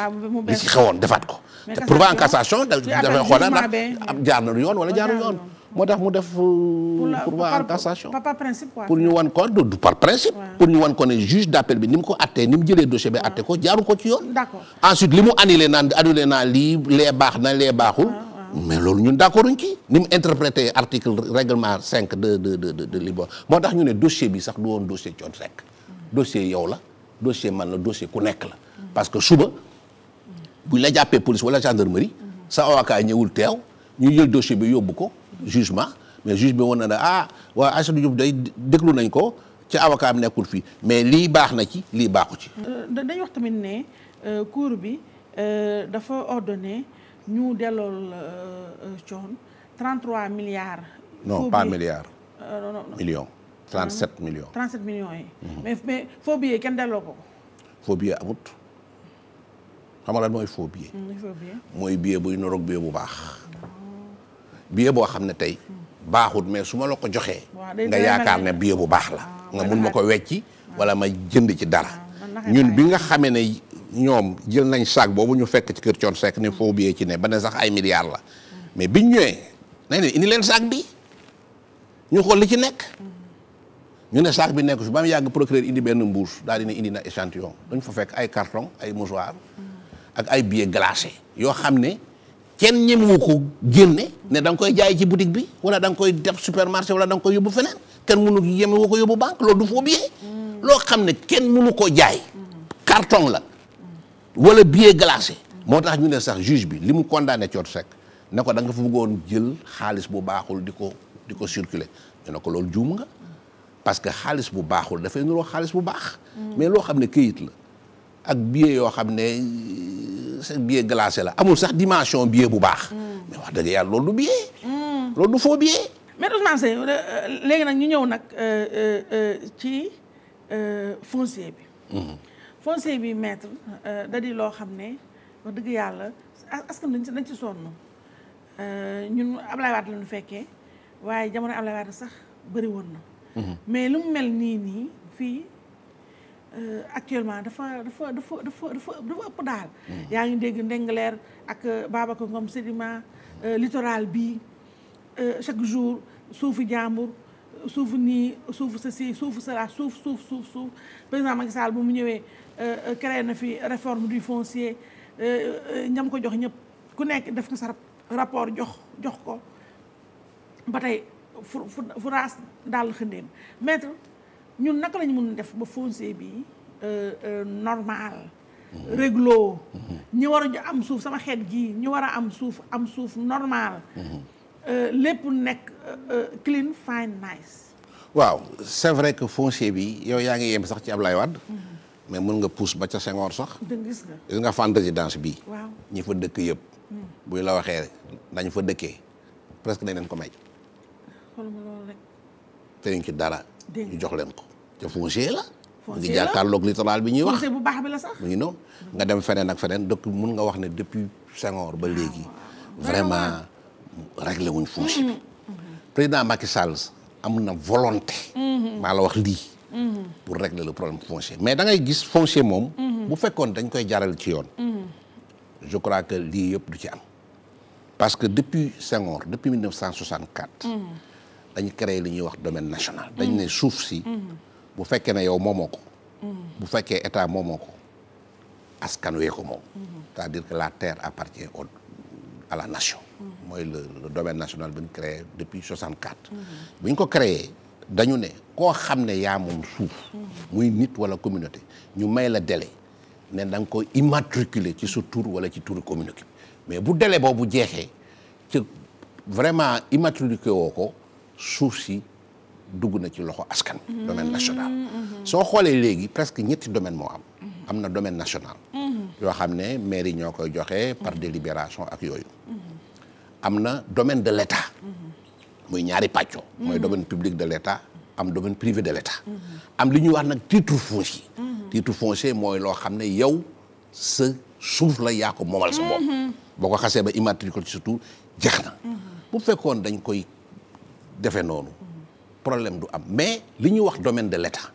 li ci xewoon defaat ko. te pourvoi en cassation dafay xoolal nag jaar na yoon wala jaarul yoon. moo tax mu def. Euh, pour waa pour ñu wan ko du par principe. pour ñu wan ko ne juge d' bi ni mu ko attee ni mu jëlee dossier bi atte ko jaaru ko ci yoon. d' accord ensuite li mu annulé naa lii lee baax na lee baaxul. mais loolu ñun d' accord uñ ci ni mu interprété article règlement cinq de de de moo tax ñu ne dossier bi sax du woon dossier coon sekk dossier yow la dossier man la dossier ku nekk la. parce que suba bu la jàppee police wala gendarmerie. sa awakaay ñëwul teew ñu jël dossier bi yóbbu ko. jugement mais juge bi woon na ne ah waa Aïssatou Diop day déglu nañ ko ci avocat am nekkul fii mais lii baax na ci lii baaxu ci. Euh, dañ wax tamit ne euh, cour bi euh, dafa ordonné ñu dellool coon 33 milliards. non pas milliards. non non millions. 37 millions 37 millions yi. Mhm. mais mais faux billet kenn delloo ko. faux billet amut xam nga lan mooy faux billet. mooy faux billet. mooy billet buy noroog billet bu baax. Mhm. billet boo xam ne tey baaxut mais su ma la ko joxee nga yaakaar ne billet bu baax la ah, nga mun ma ko wecci ah. wala ma jënd ci dara ah, ñun bi nga xamee ne ñoom jël nañ sac boobu ñu fekk ci kër Thione Seck ne foo billet ci ne ba ne sax ay milliards la mais biñ ñëwee nañ indi leen saak bi ñu xool li ci nekk ñu ne sac bi nekk fi ba mu yàgg procureur indi benn mbuus daal dina indi na échantillon dañ fa fekk ay karton ay mouchoir ak ay billets glacés yoo xam ne kenn ñemewu ko génne ne danga koy jaay ci boutique bi wala danga koy def supermarché wala da nga koy yóbbu feneen kenn mënu ñemewu ko yóbbu banque loolu du foo mm. loo xam ne kenn mënu ko jaay carton la wala billet glacé moo tax ñu ne sax juge bi li mu condamné Thione Seck ne ko danga nga fa bëggoon jël xaalis bu baaxul di ko di ko circuler ñu ne ko loolu juum nga parce que xaalis bu baaxul dafay nuroo xaalis bu baax mm. mais loo xam ne këyit la ak billet yoo xam ne billet glacé la amul sax dimension billet bu baax. Mm. mais wax dëgg yàlla loolu du billet. Mm. loolu du faux billet. mais Ousmane Seye euh, euh, léegi nag ñu ñëw nag euh, ci foncier bi. Mm-hmm. foncier bi maître da loo xam ne wax dëgg yàlla askan dañ ci dañ ci sonn ñun Ablaye Wade la ñu fekkee waaye jamono Ablaye Wade sax bëri na. Mm-hmm. mais lu mu mel nii nii fii. Euh, actuellement dafa dafa dafa dafa dafa ëpp daal. Hmm. yaa ngi dégg ndengleer ak euh, Babacar Ngom Sedima euh, littoral bi chaque jour suufu jàmbur suufu nii suufu sa ceci suufu cela suuf suuf suuf suuf président Macky saal bu mu ñëwee créé na fi réforme du foncier ñam ko jox ñëpp ku nekk def ko sa rapport jox jox ko ba tey fu fu fu raas daal xëndéem maître ñun naka lañu mun def ba foncier bi euh, euh, normal mhm. réglo mhm. ñu war a am suuf sama xeet gi ñu war a am suuf am suuf normal mhm. euh, lépp nekk clean fine nice waaw c'est vrai que foncier bi yow yaa ngi yem sax ci Ablaye Wade mais mun nga pousse ba ca Senghor sax gis nga gis nga fan résidence bi ñi fa dëkk yëpp hmm. buy la waxee dañ fa dëkkee presque dañ leen ko may xooluma loolu ñu ci dara ñu jox leen ko te foncier la mu ngi jàkkaarloog littoral bi ñuy wax foncier bu baax bi la sax ngi noonu nga dem feneen ak feneen dëkk mun nga wax ne depuis Senghor ba léegi ah, vraiment réglé wuñ foncier bi mm-hmm. Mm-hmm. président Macky Sall am na volonté mm-hmm. maa la wax li pour régler le problème foncier mais da ngay gis foncier moom bu fekkoon dañ koy jaral ci yoon je crois que lii yëpp du ci am parce que depuis Senghor depuis 1964 dañu créé li ñuy wax domaine national. dañ mm. ne suuf si. Mm. bu fekkee ne yow moomoo ko. Mm. bu fekkee état moomoo ko askan wee ko moom. Mm-hmm. cest la terre appartient au à la nation. Mm-hmm. mooy le le national bi ñu créé depuis 64. Mm-hmm. bu ñu ko créé dañu ne koo xam ne yaa moom suuf. muy nit wala communauté ñu may la délai ne danga nga ko immatriculer ci sa tur wala ci turu communauté mais bu délai boobu jeexee ci vraiment immatriculé woo ko. suuf si dugg na ci loxo askan mm-hmm. domaine national mm-hmm. soo xoolee léegi presque ñetti domaine moo am mm-hmm. am na domaine national yoo xam ne maire yi ñoo koy joxe par délibération ak yooyu am na domaine de l'état muy ñaari pàccoo mooy domaine public de l'état am domaine privé de am li ñuy wax nag titre foncier titre foncier mooy loo xam ne yow sa suuf la yaa ko moomal sa bopp boo ko xasee ba immatricule surtout jeex na bu fekkoon dañ koy defee noonu problème du am mais li ñuy wax domaine de l'État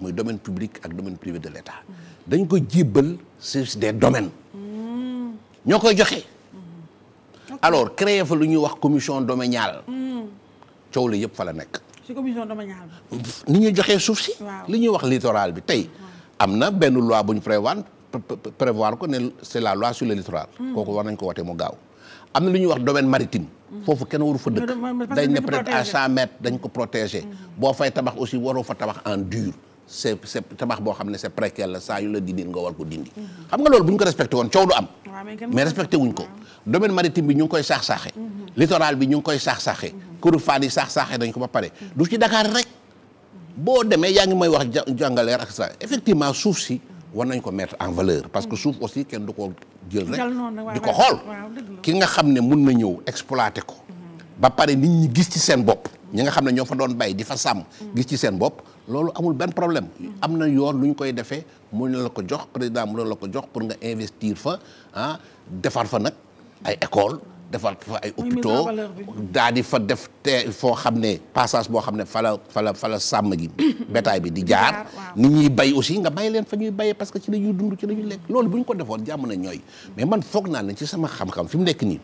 muy domaine public ak domaine privé de l'État dañ ko jébbal service des domaines ñoo koy joxe alors créer fa lu ñuy wax commission domaniale hmm. coow la yëpp fa la nekk ci commission domaniale ni ñuy joxee suuf si li ñuy wax littoral bi tey hmm. am na benn loi bu ñu prévoir prévoir ko ne c'est la loi sur le littoral hmm. kooku war nañ ko watee mu gaaw am na lu ñuy wax domaine maritime foofu kenn waru fa dëkk. dañ ne peut-être à cent dañ ko protéger. Mm-hmm. boo fay tabax aussi waroo fa tabax en dur. c'est c'est tabax boo xam ne se précaire la saa la di din nga war ko dindi. Mm-hmm. xam nga loolu bu ko respecté woon coow du am. mais respecté wuñ ko. Mm-hmm. domaine maritime bi ñu ngi koy saax saaxe. littoral bi ñu ngi koy saax saaxe. kuru faan yi saax saaxe dañ ko ba pare. du ci Dakar rek. boo demee yaa ngi may wax jàngaleer ak sa effectivement suuf si. war nañ ko mettre en valeur parce que suuf aussi kenn du ko jël rek di ko xool ki nga xam ne mun na ñëw exploiter ko ba pare nit ñi gis ci seen bopp ñi nga xam ne ñoo fa doon bay di fa sàmm gis ci seen bopp loolu amul benn problème am na yoon lu ñu koy defee mu ne la ko jox président mu ne la ko jox pour nga investir fa ah defar fa nag ay école defal fa ay hôpitaux daa di fa def te foo xam ne passage boo xam ne fala fala fala sàmm gi betaay bi di jaar nit ñuy bay aussi nga bay leen fa ñuy bayee parce que ci la ñuy dund ci la ñuy lekk loolu bu ñu ko defoon jàmm na ñooy mais man foog naa ne ci sama xam-xam fi mu nekk nii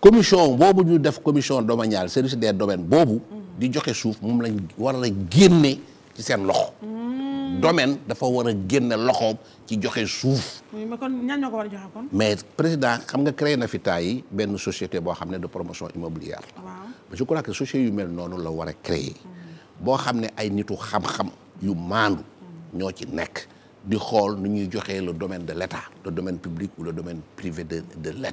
commission boobu ñu def commission domaniale service des domaines boobu mm-hmm. di joxe suuf moom lañ war lañ génnee ci seen loxo mm-hmm. domaine dafa war a génne loxoom ci joxe suuf. mais ko a joxe kon. mais président xam nga créé na fi taay yi benn société boo xam ne de promotion immobilière la. waaw je crois que société yu mel noonu la war a créer. boo xam ne ay nitu xam-xam yu maandu. ñoo ci nekk di xool nu ñuy joxee le domaine de l' état le domaine public ou le domaine privé de de mhm.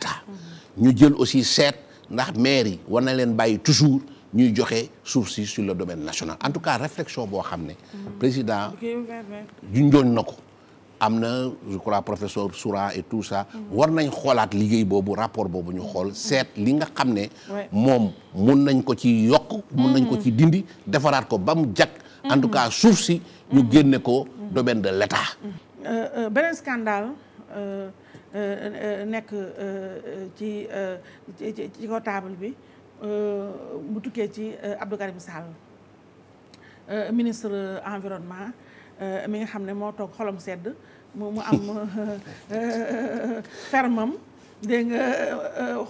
ñu jël aussi seet ndax maire yi war na leen bàyyi toujours. ñuy joxe suuf si sur le domaine national en tout cas réflexion boo xam ne. président junjoon na ko. am na je crois professeur Soura et tout ça. war nañ xoolaat liggéey boobu rapport boobu ñu xool seet li nga xam ne. moom mun nañ ko ci yokk. mun nañ ko ci mm-hmm. dindi defaraat ko ba mu jag. en tout cas suuf si. ñu mm-hmm. génne ko mm-hmm. domaine de l'État. Euh, euh, beneen scandale euh, nekk ci ci ci ko table bi. mu tukkee ci Abdou Karim Sall ministre environnement mi nga xam ne moo toog xolom sedd mu mu am fermam dégg nga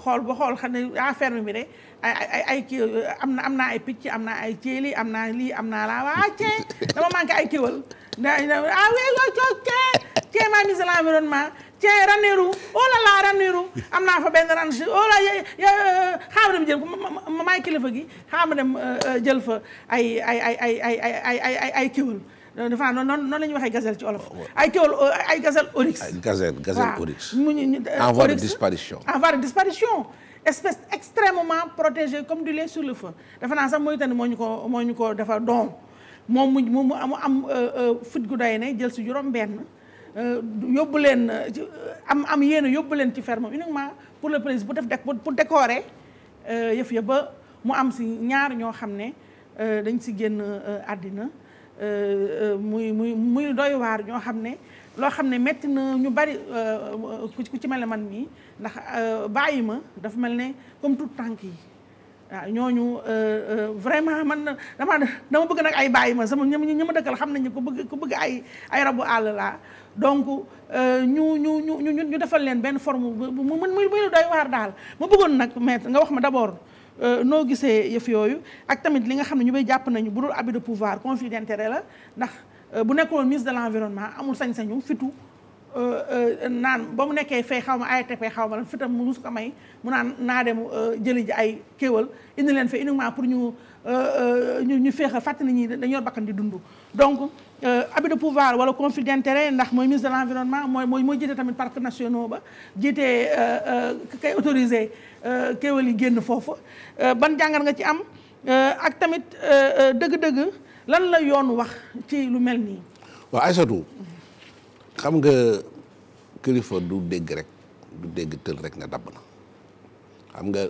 xool ba xool xam ne yaa ferme bi de ay ay kii am na am na ay picc am na ay ceeli am naa lii am naa laa waa cee dama manqué ay kéwal ah oui cee cee maa mise l'environnement ci Ranérou oh là là Ranérou am naa fa benn ran oh là xaama dem jël ko maay kilifa gi xaama dem euh, euh, jël fa ay ay ay ay ay ay ay ay ay kéwal dafa noonu noonu la ñuy waxee gazelle ci olof. ay kéwal euh, ay gazelle oryx. ay gazelle gazelle oryx. mu ñu ñu en voie de disparition. en voie de disparition. extrêmement protégée comme du lait sur le feu dafa naa sax mooy tamit moo ñu ko moo ñu ko dafa doom moo mu mu am fit gu doy ne jël si juróom benn. Euh, yóbbu leen euh, am am yéen yóbbu leen ci ferme uniquement pour le plaisir bu def dek pour décorer euh, yëf ya ba mu am si ñaar ñoo xam ne dañ si génn àddina muy muy muy doy waar ñoo xam ne loo xam ne métti na ñu bari ku ci mel man mii ndax bàyyi ma dafa mel ne comme tout tànk yi waaw ñooñu euh, euh, vraiment man na dama dama bëgg nag ay bàyyi ma sama ñi ñi ma dëkkal xam nañu ko bëgg ku bëgg ay ay rabu àll laa donc euh, ñu ñu ñu ñu defal leen benn forme bu mu muy muy doy waar daal ma bëggoon nag metre nga wax ma d'abord noo gisee yëf yooyu ak tamit li nga xam ne ñu bay jàpp nañu bu dul abus de pouvoir conflit la ndax bu nekkoon ministre de l'environnement amul sañ-sañu fitu Euh, euh, naan ba mu nekkee fay xaw ma ARTP xaw ma lan fi tam mu mus ko may mu naan naa dem euh, jëli ji ay kéwal indi leen fa uniquement pour ñu ñu ñu féex a fàttali ñi dañoo bakkan di dund donc abus de pouvoir wala conflit d'intérêt ndax mooy ministre de l'environnement mooy mooy mooy jiite tamit parc nationaux ba jiitee kay autorisé kéwal yi génn foofu ban jàngat nga ci am ak tamit dëgg-dëgg lan la yoon wax ci lu mel nii waaw Aïssatou xam nga kilifa du dégg rek du dégg tël rek nga dabb na xam nga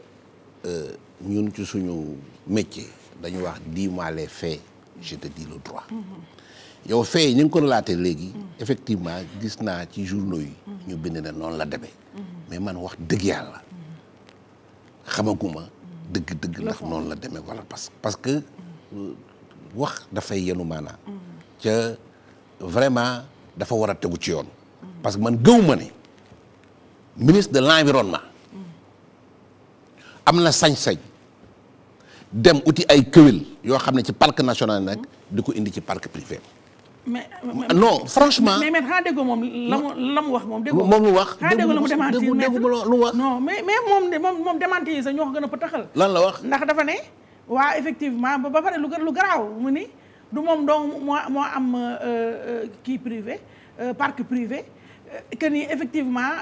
euh, ñun ci suñu métier dañu wax dis-moi les faits je te dis le droit mm-hmm. yow fee ñu ngi ko relaté léegi effectivement gis naa ci journaux yi mm-hmm. ñu bind ne noonu la demee mm-hmm. mais man wax dëgg yàlla xamaguma dëgg-dëgg ndax noonu la demee wala parce parce que euh, wax dafay yenu maanaa ca vraiment dafa war a tegu ci yoon. parce que man gëw ma ne ministre de l'environnement am na sañ-sañ dem uti ay këwil yoo xam ne ci parc national nag di ko indi ci parc privé. mais non franchement. mais mais xanaa déggoo moom la mu la wax moom. déggoo moom lu wax déggoo la mu démenti mais lu wax. mais mais moom de moom moom démenti yi sax ñoo ko gën a pëtaxal. lan la wax ndax dafa ne. waa effectivement ba ba pare lu lu garaaw mu ni. du moom donc moo moo am euh, euh, kii privé euh, parc privé que ni effectivement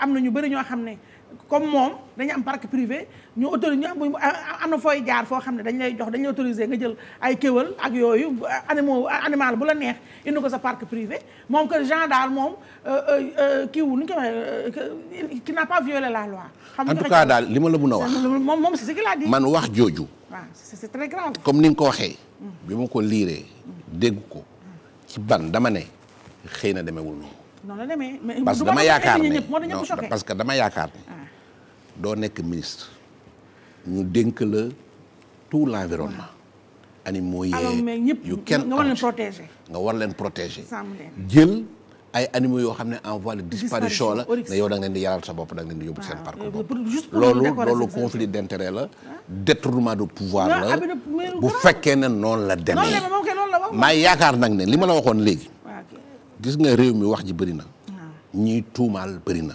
am na ñu bëri ñoo xam ne comme moom dañu am parc privé ñu autorisé ñu am na fooy jaar foo xam ne dañ lay jox dañ lay autorisé nga jël ay kéwal ak yooyu animaux animal bu la neex indi ko sa parc privé moom que genre daal moom euh, euh, euh, kii wu nu ñu koy waxee qui la loi. xam daal li ma la mun a wax. moom moom c'est ce qu'il a dit. man wax jooju. waaw comme ni nga ko waxee. Mm. bi ma ko liiree. dégg ko ci ban dama ne xëy na demewul noonu. noonu la demee parce que dama yaakaar parce que dama yaakaar ne. doo nekk ministre ñu dénk la tout l' environnement. animaux yee yu kenn nga war leen protéger. nga war leen protéger. jël ay animaux yoo xam ne en voie de la. ne yow da nga leen di yaral sa bopp da nga leen di yóbbu seen parc euh, bopp. loolu loolu conflit d' intérêt la. Ah. détournement de pouvoir la. Ah, bu fekkee ne noonu la demee. maa yaakaar nag ne li ma la waxoon léegi. gis nga réew mi wax ji bëri na. Ah. ñiy tuumaal bëri na.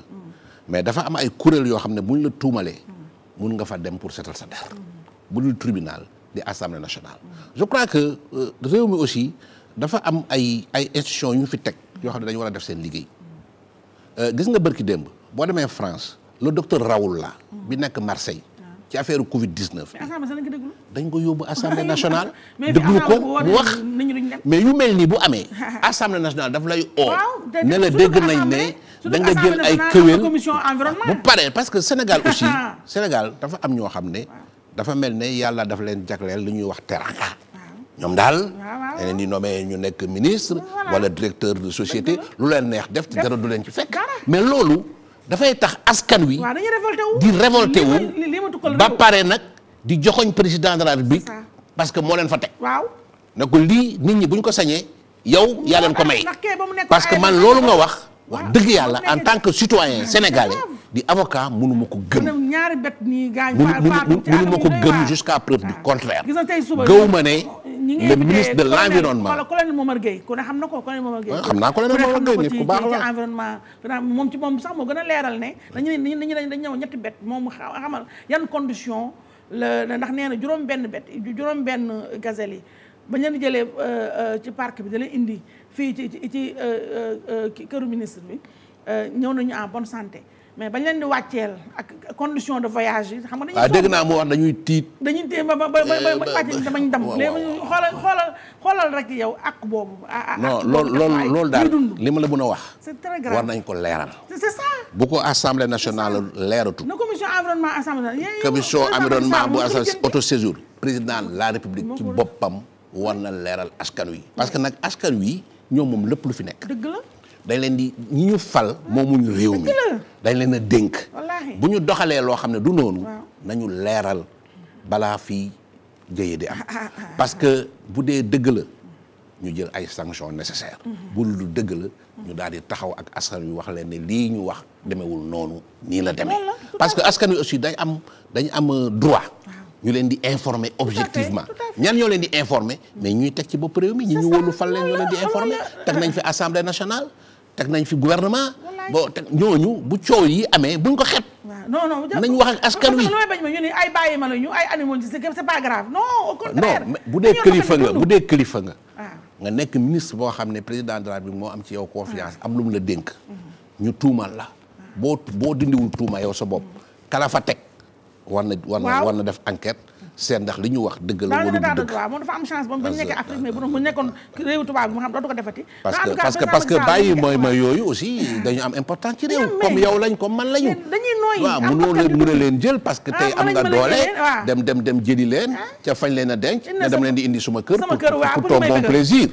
mais dafa am ay kuréel yoo xam ne ñu la tuumalee mun nga fa dem pour setal sa der bu dul tribunal di assemblée nationale je crois que euh, réew mi aussi dafa am ay ay institutions yu ñu fi teg yoo xam ne dañ war a def seen liggéey euh, gis nga bërki démb boo demee France le docteur rawul la bi nekk Marseille ci affaire Covid 19. dañ ko yóbbu assemblée nationale. déglu ko mu wax mais yu mel nii bu amee. assemblée nationale daf lay oo. ne la dégg nañ ne. da nga jël ay këwél bu paree parce que Sénégal aussi Sénégal dafa am ñoo xam ne dafa mel ne yàlla dafa leen jagleel lu ñuy wax teranga ñoom daal da leen di nommé ñu nekk ministre wala directeur de société lu leen neex def te dara du leen ci fekk mais loolu dafay tax askan wi di révolté wu ba pare nag di joxoñ président de la République parce que moo leen fa teg waaw ne ko lii nit ñi buñ ko sañee yow yaa leen ko may parce que man loolu nga wax wax dëgg yàlla en tant que citoyen sénégalais di avocat mënu ma ko gëm mënu ma ko gëm jusqu'à preuve du ah. contraire gëw ma ne le ministre de l'environnement colonel Momar Gueye ku ne xam na ko colonel Momar Gueye ah, xam naa colonel Momar Gueye nit ku baax la environnement moom ci moom sax moo gën a leeral ne dañu ne dañu dañ ñëw ñetti bet moom xamal yan condition la ndax nee na juróom benn bet juróom benn gazelle yi bañ leen jëlee euh, euh, ci parc bi da leen indi fii ci ci euh, euh, euh, këru ministre bi ñëw nañu en bonne santé mais bañ leen di wàcceel ak condition de voyage yi xam dégg naa mu wax dañuy tiit. dañuy tiit ba ba yow ak boobu. ak non loolu loolu loolu daal li ma la mën a wax. war nañ ko leeral. bu ko assemblée nationale leeratu. na commission environnement assemblée nationale. bu auto séjour président de la république ci boppam war na leeral askan wi. parce que nag askan wi. ñoom moom lépp lu fi nekk. dañ leen di ñi ñu fal moomuñu réew mi. dañ leen a dénk. bu ñu doxalee loo xam ne du noonu. nañu leeral balaa fi jëye di am. Ah, ah, ah. parce que bu dee dëgg la ñu jël ay sanctions nécessaire mhm. bu lu dëgg la ñu daal di taxaw ak askan wi wax leen ne lii ñu wax demewul noonu nii la demee. parce que askan wi aussi dañ am dañ am euh, droit. ñu leen di informer objectivement ñan ñoo leen di informer mais ñuy teg ci bopp réew mi ñi ñu wóolu fal leen ñoo leen di informer teg nañ fi assemblée nationale teg nañ fi gouvernement boo teg ñooñu bu coow yi amee buñ ko xet non non nañ wax askan wi looy ay bàyyi ma la ñu ay animaux bu dee kilifa nga bu dee kilifa nga nga nekk ministre boo xam ne président de bi moo am ci yow confiance ah. am lu mu la dénk ñu tuumal la ah. boo boo dindiwul tuuma sa bopp kala teg war na war def enquête seet ndax li ñu wax dëgg la wala du dëgg moom dafa am chance moom mu nekkee Afrique mais bu mu nekkoon parce que parce que parce que bàyyi mooy ma yooyu aussi dañu am important ci réew comme yow lañ comme man lañu dañuy nooy waaw mënoo leen leen jël parce que ah, tey am nga doole dem dem dem jëli leen ah. ca fañ leen a denc nga dem leen di indi suma kër pour ton bon plaisir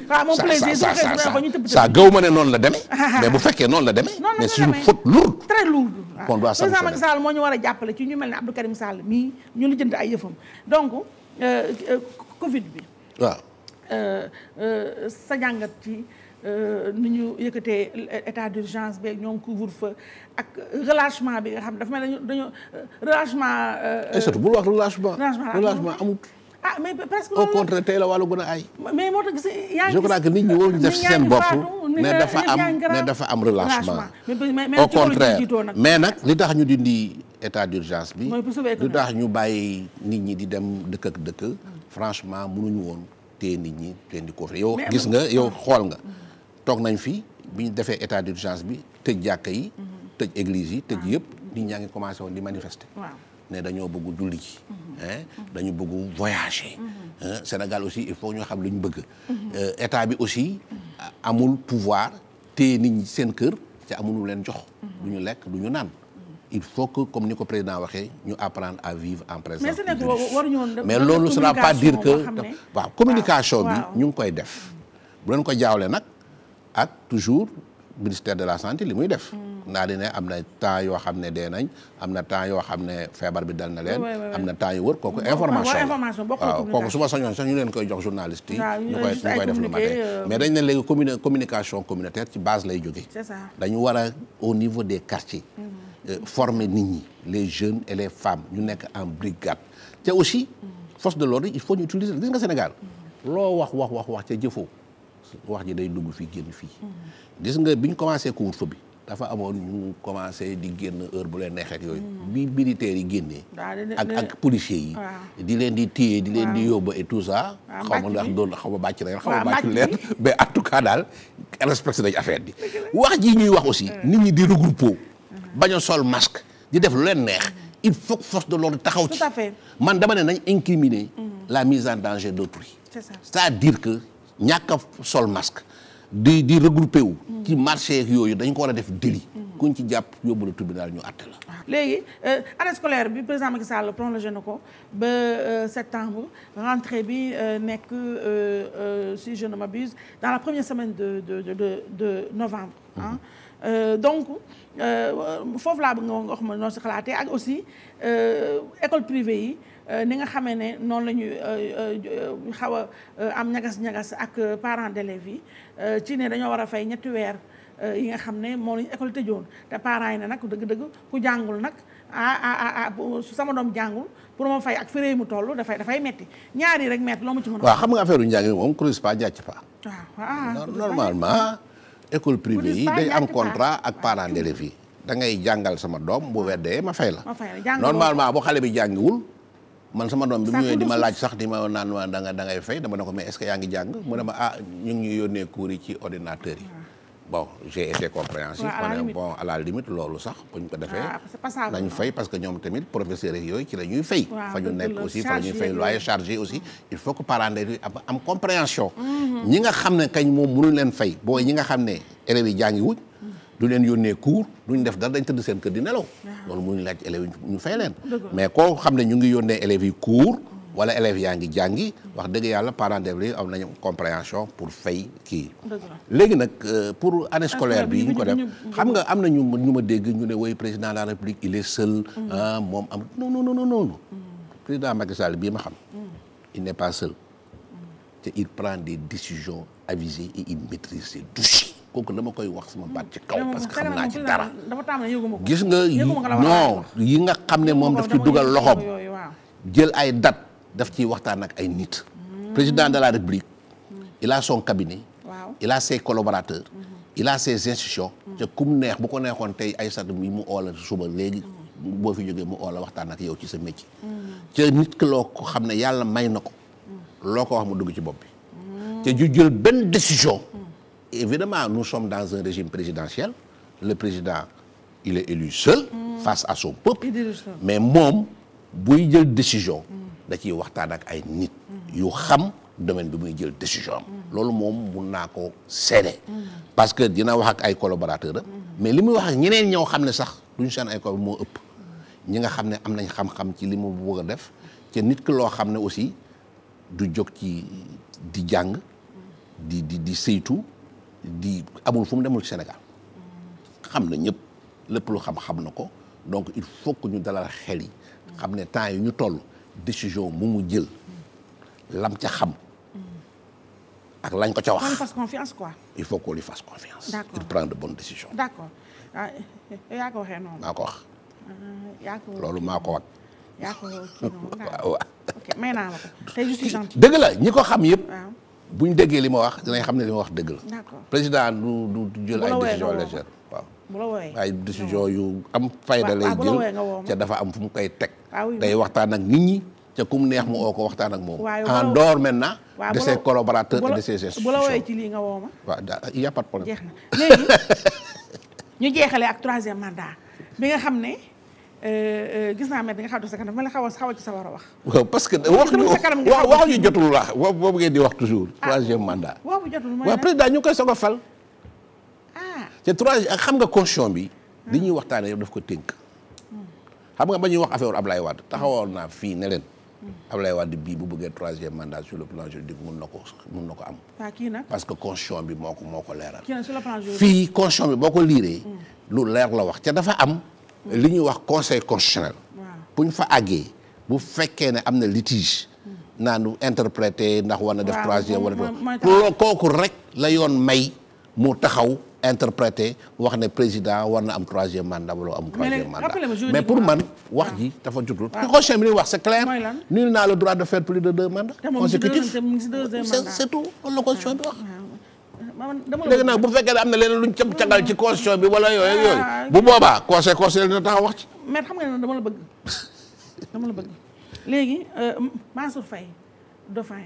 ça gëw ma ne noonu la demee ah, mais bu fekkee noonu la demee mais c'est une faute lourde très lourde kon doit sanctionner président Macky Sall moo ñu war a jàppale ci ñu mel Sall mii ñu la jënd ay yëfam donc euh, euh, Covid bi. waaw. Euh, sa jàngat ci nu ñu yëkkatee état d'urgence beeg ñoom couvre-feu ak relâchement bi nga xam dafa mel ne dañoo relâchement. et surtout ah, au contraire tey la wàllu gën a ay. mais moo tax yaa je crois que nit ñi waruñu def seen bopp ne dafa am ne au contraire mais nag li tax ñu dindi. état d'urgence bi lu tax ñu bàyyi nit ñi di dem dëkk dëkk franchement mënuñu woon te nit ñi leen di couvrir yow gis nga yow mm-hmm. xool nga toog nañ fi bi ñu defee état d'urgence bi tëj jàkka yi mm-hmm. tëj église yi tëj ah. yëpp nit ñaa ngi commencé woon di manifester ne dañoo bëgg julli ji mm-hmm. dañu bëgg voyager Sénégal aussi il faut ñu xam lu ñu bëgg euh, état bi aussi amul pouvoir téye nit ñi seen kër te amul leen jox du lekk du naan il faut que comme ni ko président waxee ñu apprendre à vivre en mais loolu cela pas dire que waaw communication bi ñu ngi koy def bu leen ko jaawle nag ak toujours ministère de la santé li muy def hmm. naa di ne am na temps yoo xam ne dee nañ am na temps yoo xam ne feebar bi dal na leen am na temps yu wër kooku information waaw kooku su soñoon sax ñu leen koy jox journaliste yi ñu koy def lu matin euh, mais dañ ne léegi communication communautaire ci base lay jóge dañu war a au niveau des quartiers mm-hmm. Euh, former nit ñi les jeunes et les femmes ñu nekk en brigade ca aussi force de l'ordre il faut ñu utiliser gis nga Sénégal loo wax wax wax wax ca jëfoo wax ji day dugg fi génn fii gis nga bi ñu commencé couvre-feu bi dafa amoon ñu commencé di génn heure bu leen neexee yooyu mm. bi militaires yi génnee ak ak policiers yi di leen di téye di leen di yóbbu et tout ça xaw ma ndax xaw ma bàcc na xaw ma bàccu leen mais en tout cas daal respecté nañ affaire bi wax ji ñuy wax aussi mm. nit ñi di regroupé bañ sol masque di def lu leen neex il faut que force de l'ordre taxaw ci man dama ne nañ incriminer mm-hmm. la mise en danger d'autrui c'est-à-dire que ñàkk sol masque di di regroupé wu mm-hmm. ci marché yooyu dañ ko war a def délit mm-hmm. kuñ ci jàpp yóbbu la tribunal ñu àtte la ah. léegi euh, année scolaire bi président Macky Sall prolongé na ko ba euh, septembre rentrée bi euh, nekk si je ne m'abuse dans la première semaine de de de novembre Euh, donc euh, foofu laa bëgg nga wax ma noonu si xalaatee ak aussi euh, école privée yi ni nga xamee ne noonu la ñuy xaw a am ñagas-ñagas ak parents d'élèves yi ci ne dañoo war a fay ñetti weer yi nga xam ne moo lañu école tëjoon te parents yi ne nag dëgg-dëgg ku jàngul nag ah ah ah sama doom jàngul pour moo fay ak frais mu toll dafay dafay metti ñaar yi rek metti loo mu ci mën a. waaw xam nga affaire njàng moom creuse pas jàcc pas. waaw normalement. école privée yi day am contrat ak parents d'élèves yi da ngay jàngal sama doom bu weddee ma fay la normalement bu xale bi jàngiwul man sama doom bi mu ñëwee di ma laaj sax di ma naan ma da nga da ngay fay dama ne ko mais est yaa ngi jàng mu ne ah ñu ngi ñuy yónnee cours yi ci ordinateur yi bon j'ai été compréhensif ma bon la limite loolu sax bu ñu ko defee nañ ah, fay parce que ñoom tamit professeurs yooyu ci la fey fay fa ñu nekk aussi fa la ñuy fay loyer chargé aussi il faut que parents yi am compréhension mhm. ñi nga xam ne kañ moom mënuñ leen fay boo ñi nga xam ne élèves yi jàngi wuñ mhm. du leen yónnee lu ñu def dara dañ tëdd seen kër di nelaw ah. loolu mënuñ laaj élèves yi ñu fay leen mais koo xam ne ñu ngi yónnee élèves yi cours wala élèves yaa ngi jàngi wax dëgg yàlla parents d'élèves yi am nañu compréhension pour fay kii léegi nag euh, pour année scolaire bi ñu ko def xam nga am na ñu ñu ma dégg ñu ne woy président la république il est seul ah moom am non non mm. président Macky Sall bii ma xam mm. il te il prend des décisions avisées et il maîtrise koy wax sama baat ci parce que xam naa ci dara gis nga non nga xam ne moom daf ci dugal loxoom jël ay dat def ci waxtaan ak ay nit. président de la république. il a son cabinet. waaw il a ses collaborateurs. il a ses institutions. Mm-hmm. te ku mu neex bu ko neexoon tey ay sat mu oola suba léegi mm-hmm. boo fi jógee mu oola waxtaan ak yow ci sa métier. Mm-hmm. te nit ki loo ko xam ne yàlla may na ko. loo ko wax mu dugg ci bopp bi. te ju jël benn décision. évidemment nous sommes dans un régime présidentiel le président il est élu seul. face à son peuple. mais moom buy jël décision. da ciy waxtaan ak ay nit yu xam domaine bi muy jël décision am loolu moom mun naa ko seede parce que dina wax ak ay collaborateurs mais li muy wax ak ñeneen ñoo xam ne sax duñ seen ay ko moo ëpp ñi nga xam ne am nañ xam ci li mu bëgg a def te nit ki loo xam ne aussi du jóg ci di jàng di di di saytu di amul fu mu demul Sénégal xam na ñëpp lépp lu xam-xam na ko donc il faut que ñu dalal xel yi xam ne temps yi ñu toll décision bu mu jël lam ca xam ak lañ ko ca wax. on fasse confiance quoi. il faut qu'on lui fasse confiance. d'accord il prend de bonnes décisions. d'accord ah, ko waxee noonu. ko wax. Ah, loolu maa ko wax. yaa ko la ko ñi ko xam yëpp. buñ déggee li ma wax dinañ xam ne li wax dëgg la. d'accord président du du jël ay décisions légères waaw. bu la wooyee ay décision yu am fayda lay ah, jël ca dafa am fu mu koy teg ah day waxtaan ak nit ñi ca kum neex mu oo ko waxtaan ak moom en dehors maintenant de ses collaborateurs et de ses institutions bu la wooyee lii nga woo ma waaw il y a pas de problème na léegi ñu nga xam ne gis naa met bi nga xam ne euh, euh, sa kanam ma la xaw a xaw a ci sa war a wax waaw parce que wax wax ñu jotul la boobu ngeen di wax toujours troisième mandat ah, waaw président ñu koy soog a fal ce 3 xam nga constitution bi. li ñuy waxtaanee yow daf ko tënk. xam nga ba ñuy wax ab Ablaye Wade taxawoon naa fii ne leen. Ablaye Wade bii bu bëggee troisième mandat sur le plan juridique mun na ko mun na ko am. parce que constitution bi moo ko moo ko leeral. fii constitution bi boo ko liiree. lu leer la wax te dafa am. li ñuy wax conseil constitutionnel. bu ñu fa àggee bu fekkee ne am na litige. naa nu interpréter ndax war na def troisième wala. mooy kooku rek la yoon may mu taxaw. interprété wax ne président war na am troisième mandat wala am troisième mandat mais pour man wax ji ah. dafa jutul te constitution bi li wax c'est clair nul n'a le droit de faire plus de deux mandats consécutifs c'est tout loolu la constitution bi wax ah, léegi nag bu fekkee am na leneen luñ cam cagal ci constitution bi wala yooyu yooyu ah, bu boobaa conseil conseil dina taxaw wax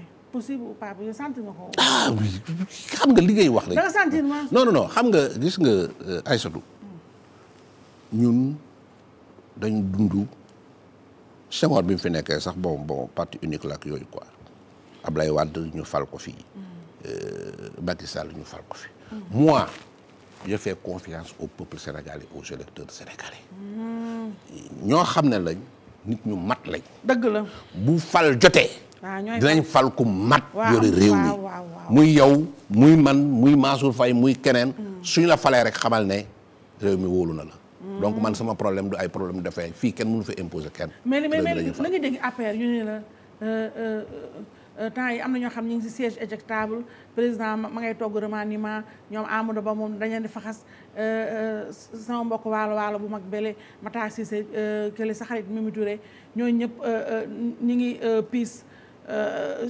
ci possible ou pas sentir ah xam nga li wax rek. da nga sentir xam nga gis nga euh, Aïssatou. ñun dañu dund Senghor bi mu fi nekkee sax bon bon parti unique la ak yooyu quoi Ablaye Wade ñu fal ko fii. Euh, Macky Sall ñu fal ko fi. moi je fais confiance au peuple sénégalais aux électeurs sénégalais. Hmm. ñoo xam ne lañ nit ñu mat lañ. dëgg la bu fal jotee. dinañ fal ku mat yore réew mi muy yow muy man muy Mansour Faye muy keneen mm. suñu la falee rek xamal ne réew mi wóolu na la donc man sama problème du ay problème dafay fii kenn mënu fa imposer kenn mais mais mais la nga dégg affaire yu yi am na ñoo xam ñu ngi si siège éjectable président ma ngay togg remaniement ñoom Amadou Ba moom dañu leen di faxas euh, euh, sama mbokk waalo waalo bu mag bele Matar Cissé euh, kële sa xarit Mimi Touré ñooñu ñëpp ñi ngi piis Euh,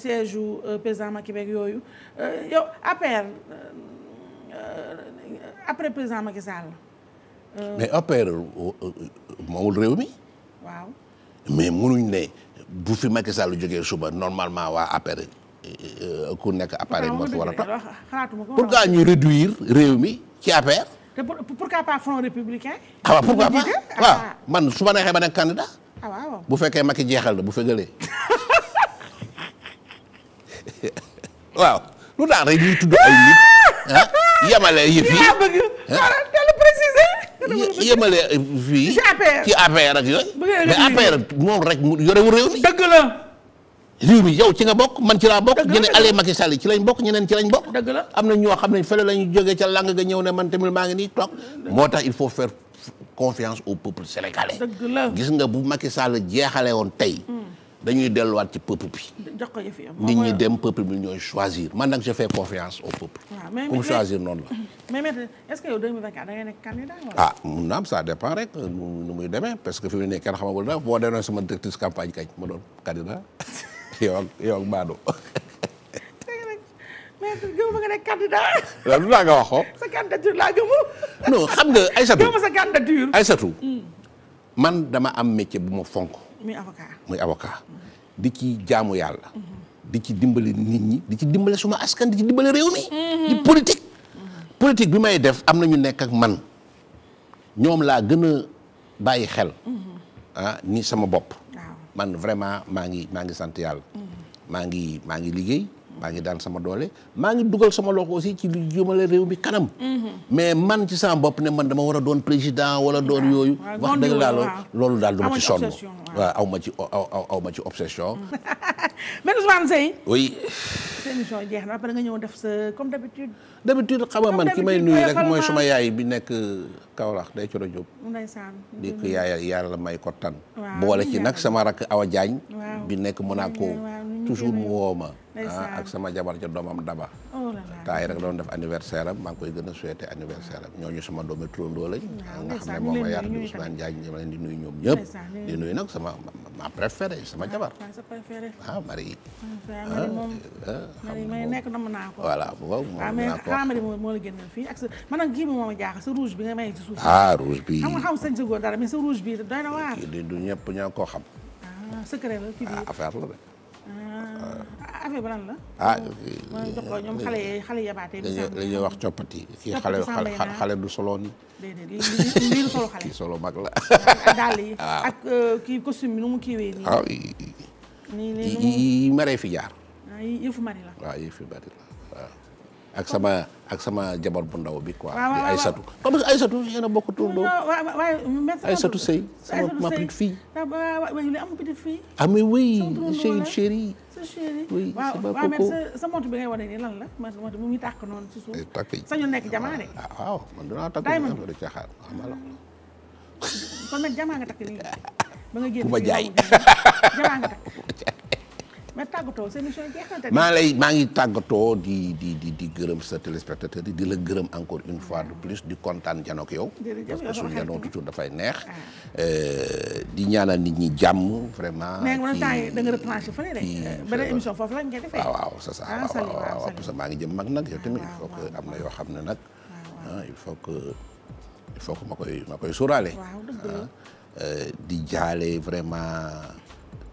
siège u euh, président Macky beeg yooyu euh, yow APR après président Macky mais APR moomul réew mi. waaw mais munuñ ne bu fi Macky Sall jógee suba normalement waa APR ku nekk appareil moo fi war a topp. réew mi ci APR. te pour pourquoi pas front ah ah, su ma neexee ba nekk candidat. Ah, bu fekkee Macky jeexal na bu fekkalee. waaw lu daan rek ñuy tudd ay nit ah yemale yëf yi bëgg teel préciser yemale fii ci ak yooyu mais APR moom rek mu yorewu réew mi dëgg la réew mi yow ci nga bokk man ci laa bokk ñeneen ale Macky Sall ci lañ bokk ñeneen ci lañ bokk dëgg am na ñoo xam ne fële la joge ca lang ga ñëw ne man tamit maa ngi nii toog moo tax il faut faire confiance au peuple sénégalais gis nga bu Macky Sall jeexale woon tey hmm. dañuy delluwaat ci peuple bi. jox ko yëf nit ñi dem peuple bi ñooy choisir man nag je fais confiance au peuple. waaw mais mais choisir noonu la. Ah, nu muy demee parce que fi mu ne kenn xamagul ma doon candidat yow ak yow ak Badou. mais gëmu ma nga nekk oh? xam nga Aïssatou gëmu mm. man dama am métier bu mu fonk. muy avocat muy avocat. di ci jaamu yàlla. di ci dimbali nit ñi di ci dimbali suma askan di ci dimbali réew mi. di politique. politique bi may def am na ñu nekk ak man ñoom laa gën a bàyyi xel. ah ni sama bopp. man vraiment maa ngi maa ngi sant yàlla. Mm-hmm. maa ngi maa ngi liggéey. maa ngi daan sama doole maa ngi dugal sama loxo aussi ci lu jëmale réew mi kanam. mais man ci sama bopp ne man dama war a doon président wala doon yooyu. wax dëgg loolu daal du ma ci sonn. waaw aw ma ci ma ci obsession. mais Ousmane ñëw def sa comme d'habitude. d'habitude xam man ki may nuyu rek mooy sama yaay bi nekk Kaolack day coro Diop. ndeysaan di ko yaay yàlla may ko tan boole ci nag sama rakk Awa Diagne. bi nekk Monaco toujours mu woo ma. Ah, ak sama jabar ja doomam daba oh taa yi rek doon def anniversaire am maa ngi koy gën a souhaité anniversaire am ñooñu sama doomi turandoo lañ nga xam ne moom ma yar di Ousmane Diagne ñi ma leen di ñëpp di nuyu nag sama ma préféré sama ah, jabar ah Marie ah, may nekk nam naa ko fii ak sa man nag gii bi moom a jaaxal bi ah rouge bi ñëpp ñoo koo xam la affaire bi la. ah mooy jox ko la ñuy wax coppati. kii xale xale du solo nii. déedéet lii du solo xale. kii solo mag la. ak dàll yi ak kii costume bi nu mu kiiwee nii. waaw yi yi fi jaar. yëfu mari la. waaw yëfu mari la. ak sama ak sama jabar bu ndaw bi quoi. waaw waaw Aysatu parce que Aysatu yéen a bokk tur. Aysatu sëy sama ma ah, petite fille. ah mais oui. c'est sa montre bi ngay wane nii lan la montre mu ngi tàkk noonu ci suuf. Eh, tàkk nekk jamaa de. ah waaw man dinaa tàkk jamaa de caaxaan ah, kon nag jamaa nga takk nii. takk. mais maa lay maa ngi tàggatoo di di di di gërëm sa téléspectateur yi di la gërëm encore une fois de plus di kontaan janook yow. parce que suñu dafay neex. Euh, di ñaanal nit ñi jàmm vraiment. mais nag temps yi da nga retranché fële de. Euh, beneen émission foofu la nga defee. Ah, ah, ah, waaw waaw c'est maa ngi jëm mag nag yow tamit il yoo xam ne nag. il faut que il faut euh, di jaale vraiment.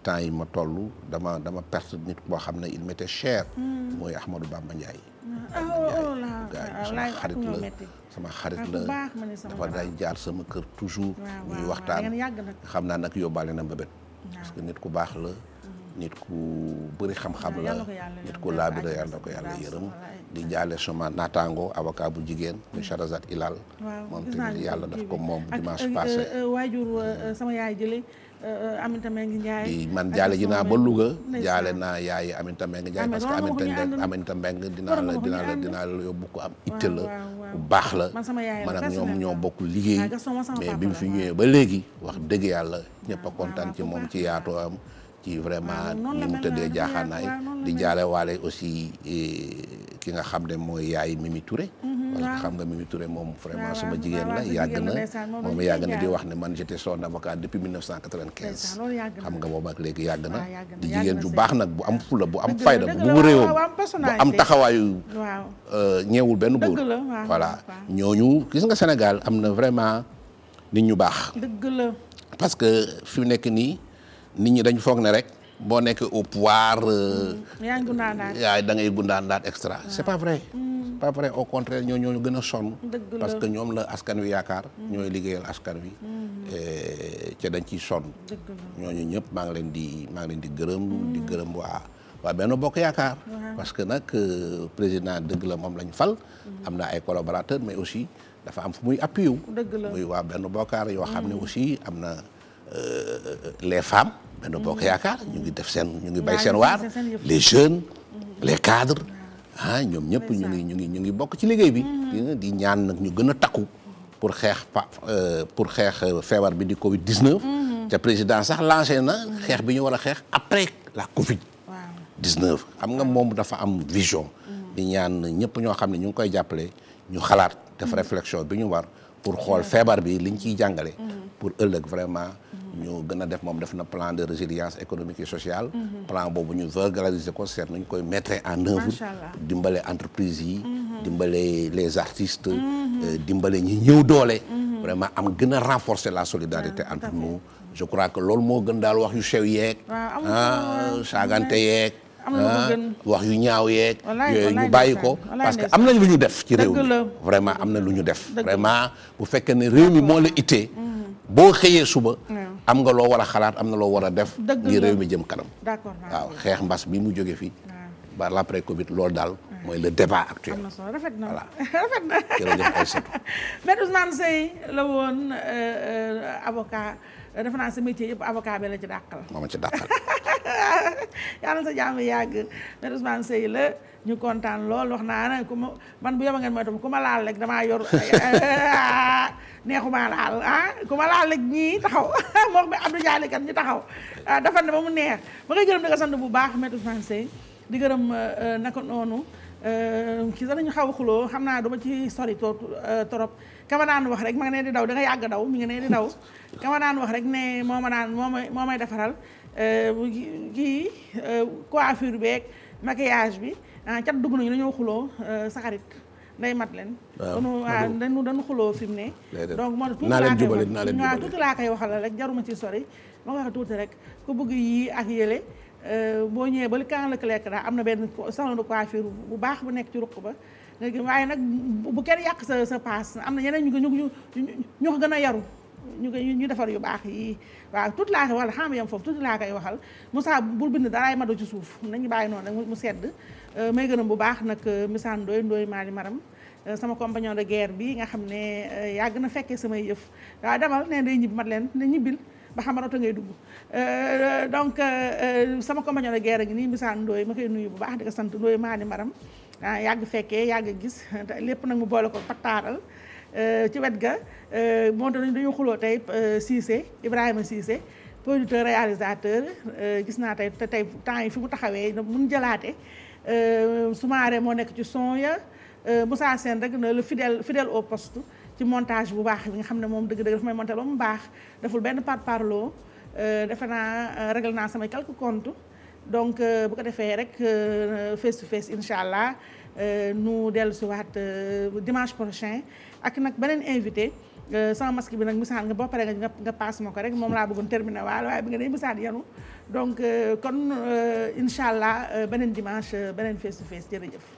temps yi ma toll dama dama perte nit boo xam ne il m'était cher. Hmm. mooy Ahmadou Bamba Ndiaye. ah oh sama xarit la sama xarit la dafa day jaar sama kër toujours. ñuy waxtaan xam naa nag yóbbaale na mbëbët. parce que nit ku baax la. Hmm. nit ku bëri xam-xam la nit ku laabira yàlla ko yàlla yërëm di jaale suma naataango avocat bu jigéen muy hmm. Charazat Ilal moom tamit yàlla daf ko moom dimanche euh, passé euh, euh, waajur sama yaay jële Euh, Aminata Mbengue Ndiaye man jaale ji naa ba Louga jaale naa yaay Aminata Mbengue Ndiaye parce que Aminata Aminata Mbengue dinaa la dina la dinaa la yóbbu ko am itte la bu baax la man ak ñoom ñoo bokk liggéey mais bi mu fi ñëwee ba léegi wax dëgg yàlla ñëpp a kontaan ci moom ci yaato am ci vraiment ni mu tëddee jaaxaanaay di jaale waale aussi eh, ki nga xam ne mooy yaay mi Mimi Touré mm. parce que xam nga Mimi Touré moom vraiment sama jigéen la yàgg na moom yàgg na di wax ne man j'étais son avocat depuis 1995 xam nga boobu ak léegi na di jigéen ju baax nag bu am fula bu am fayda bu bu réewam bu am taxawaayu euh, ñeewul benn góor voilà ñooñu gis nga Sénégal am na vraiment nit ñu baax dëgg parce que fi mu nekk nii nit ñi dañ foog ne rek boo nekk au pouvoir euh, mm, yaay da ngay gundaan daat extra c'est pas vrai mm. pas vrai au contraire ñoo ñoo gën a sonn parce que ñoom la askan wi yaakaar ñooy liggéeyal askan wi mm-hmm. ca dañ ciy sonn ñooñu ñëpp maa ngi leen di maa ngi leen di gërëm mm-hmm. gërëm waa waa benn Bokk Yaakaar parce que nag euh, président dëgg la moom lañ fal mm-hmm. am na ay collaborateurs mais aussi dafa am fu muy appui wu muy waa Benno Bokk yoo xam ne aussi am na euh, les femmes Benno Bokk Yaakaar ñu ngi def seen ñu ngi bay seen waar les jeunes les cadres ah ñoom ñëpp ñu ngi ñu ngi ñu ngi bokk ci liggéey bi. Mm-hmm. di ñaan nag ñu gën a takku pour xeex pa euh, pour xeex euh, feebar bi di Covid 19. Mm-hmm. te président sax lancé na xeex bi ñu war a xeex après la Covid. 19 xam nga moom dafa am vision. Mm-hmm. di ñaan ñëpp ñoo xam ne ñu ngi koy jàppale ñu xalaat def réflexion bi ñu war pour xool feebar bi liñ ciy jàngale. pour ëllëg vraiment. ñu gën a def moom def na plan de résilience économique et sociale mhm. plan boobu ñu vulgariser ko seet nañ koy mettre en œuvre dimbale entreprise yi mhm. dimbale les artistes mhm. euh, dimbale ñi ñëw doole vraiment am gën a renforcer la solidarité ah, entre nous je crois que loolu moo gën daal wax yu sew yeeg ah euh, saagante yeeg ah, wax yu ñaaw yeeg ñu bàyyi ko parce que am na lu ñu def ci réew mi vraiment am na lu ñu def vraiment bu fekkee ne réew mi moo la ittee boo xëyee suba am nga loo war xalaat am na loo war def. ngir réew mi jëm kanam. d'accord waaw xeex mbas bi mu jóge fii. ba l'après Covid loolu daal. mooy le débat actuel. am na solo rafet na rafet na. jërëjëf Aïssatou. Maître la woon euh, euh, avocat. defe naa sa métier yëpp avocat bi la ci dàqal. moo ma ci dàqal. yàlla sa jàmm yàgg na Ousmane la ñu kontaan lool wax naa ne ku ma man bu yóbbu ngeen mooy tam ku ma laal rek damaa yor neexuma laal ah ku ma laal rek ñii taxaw moo bi Abdou Diallo kat ñi taxaw ah, dafa ne ba mu neex ba nga gërëm di nga sant bu baax Maître Ousmane Seye di gërëm euh, naka noonu. ci euh, danañu xaw a xuloo xam naa duma ci sori torop euh, kama daan wax rek ma nga di daw da nga yàgg daw mi nga ne di daw kama daan wax rek ne moo ma daan moo may moo may defaral euh, kii coiffure beeg maquillage bi ah, cat dugg nañu dañoo xuloo sa xarit nday mat leen danu waaw danu ah, dañu xuloo fi mu ne donc moo tax ah, tuuti laa koy waxal rek jaruma ci sori ma ko waxe tuuti rek ku bëgg yii ak yële Euh, boo ñëwee ba camp Leclerc daa am na benn salon de coiffure bu baax bu nekk ci ruq ba léegi waaye nag bu kenn yàq sa sa na ñeneen ñu ñu ñu ñu ko gën a yaru ñu ñu defar yu baax yi waaw tuuti laa koy wala xam yam foofu tuuti laa koy waxal Moussa bul bind daraay mado ci suuf nañu bàyyi noonu rek mu sedd euh, may gërëm bu baax nag euh, misaan ndooy ndooy maali maram sama compagnon de guerre bi nga xam ne yàgg na fekkee samay yëf waaw demal ne day ñibbi mat leen ne ñibbil ba xam oto ngay dugg euh, donc euh, euh, sama compagnon de guerre ngi nii Moussa Ndoye ma koy nuyu bu baax di sant Ndoye maa maram ah yàgg fekkee yàgg gis lépp nag mu boole ko pattaaral ci wet ga moonte dañu xuloo tey Cissé Ibrahima Cissé producteur réalisateur gis naa tey tey temps yi fi mu taxawee mun jëlaate Soumaré moo nekk ci son ya Moussa seen rek na le fidèle fidèle au poste ci montage bu baax bi nga xam ne moom dëgg-dëgg dafa may monté ba mu baax deful benn part parloo euh, defe naa euh, réglé naa samay quelques comptes donc euh, bu ko defee rek face to face incha allah nu dellu si waat dimanche prochain ak nag beneen invité sama masque bi nag misaan nga boo paree nga nga paas ma ko rek moom laa bëggoon terminé waal waaye bi nga day misaan yanu donc kon incha allah beneen dimanche beneen face to face jërëjëf.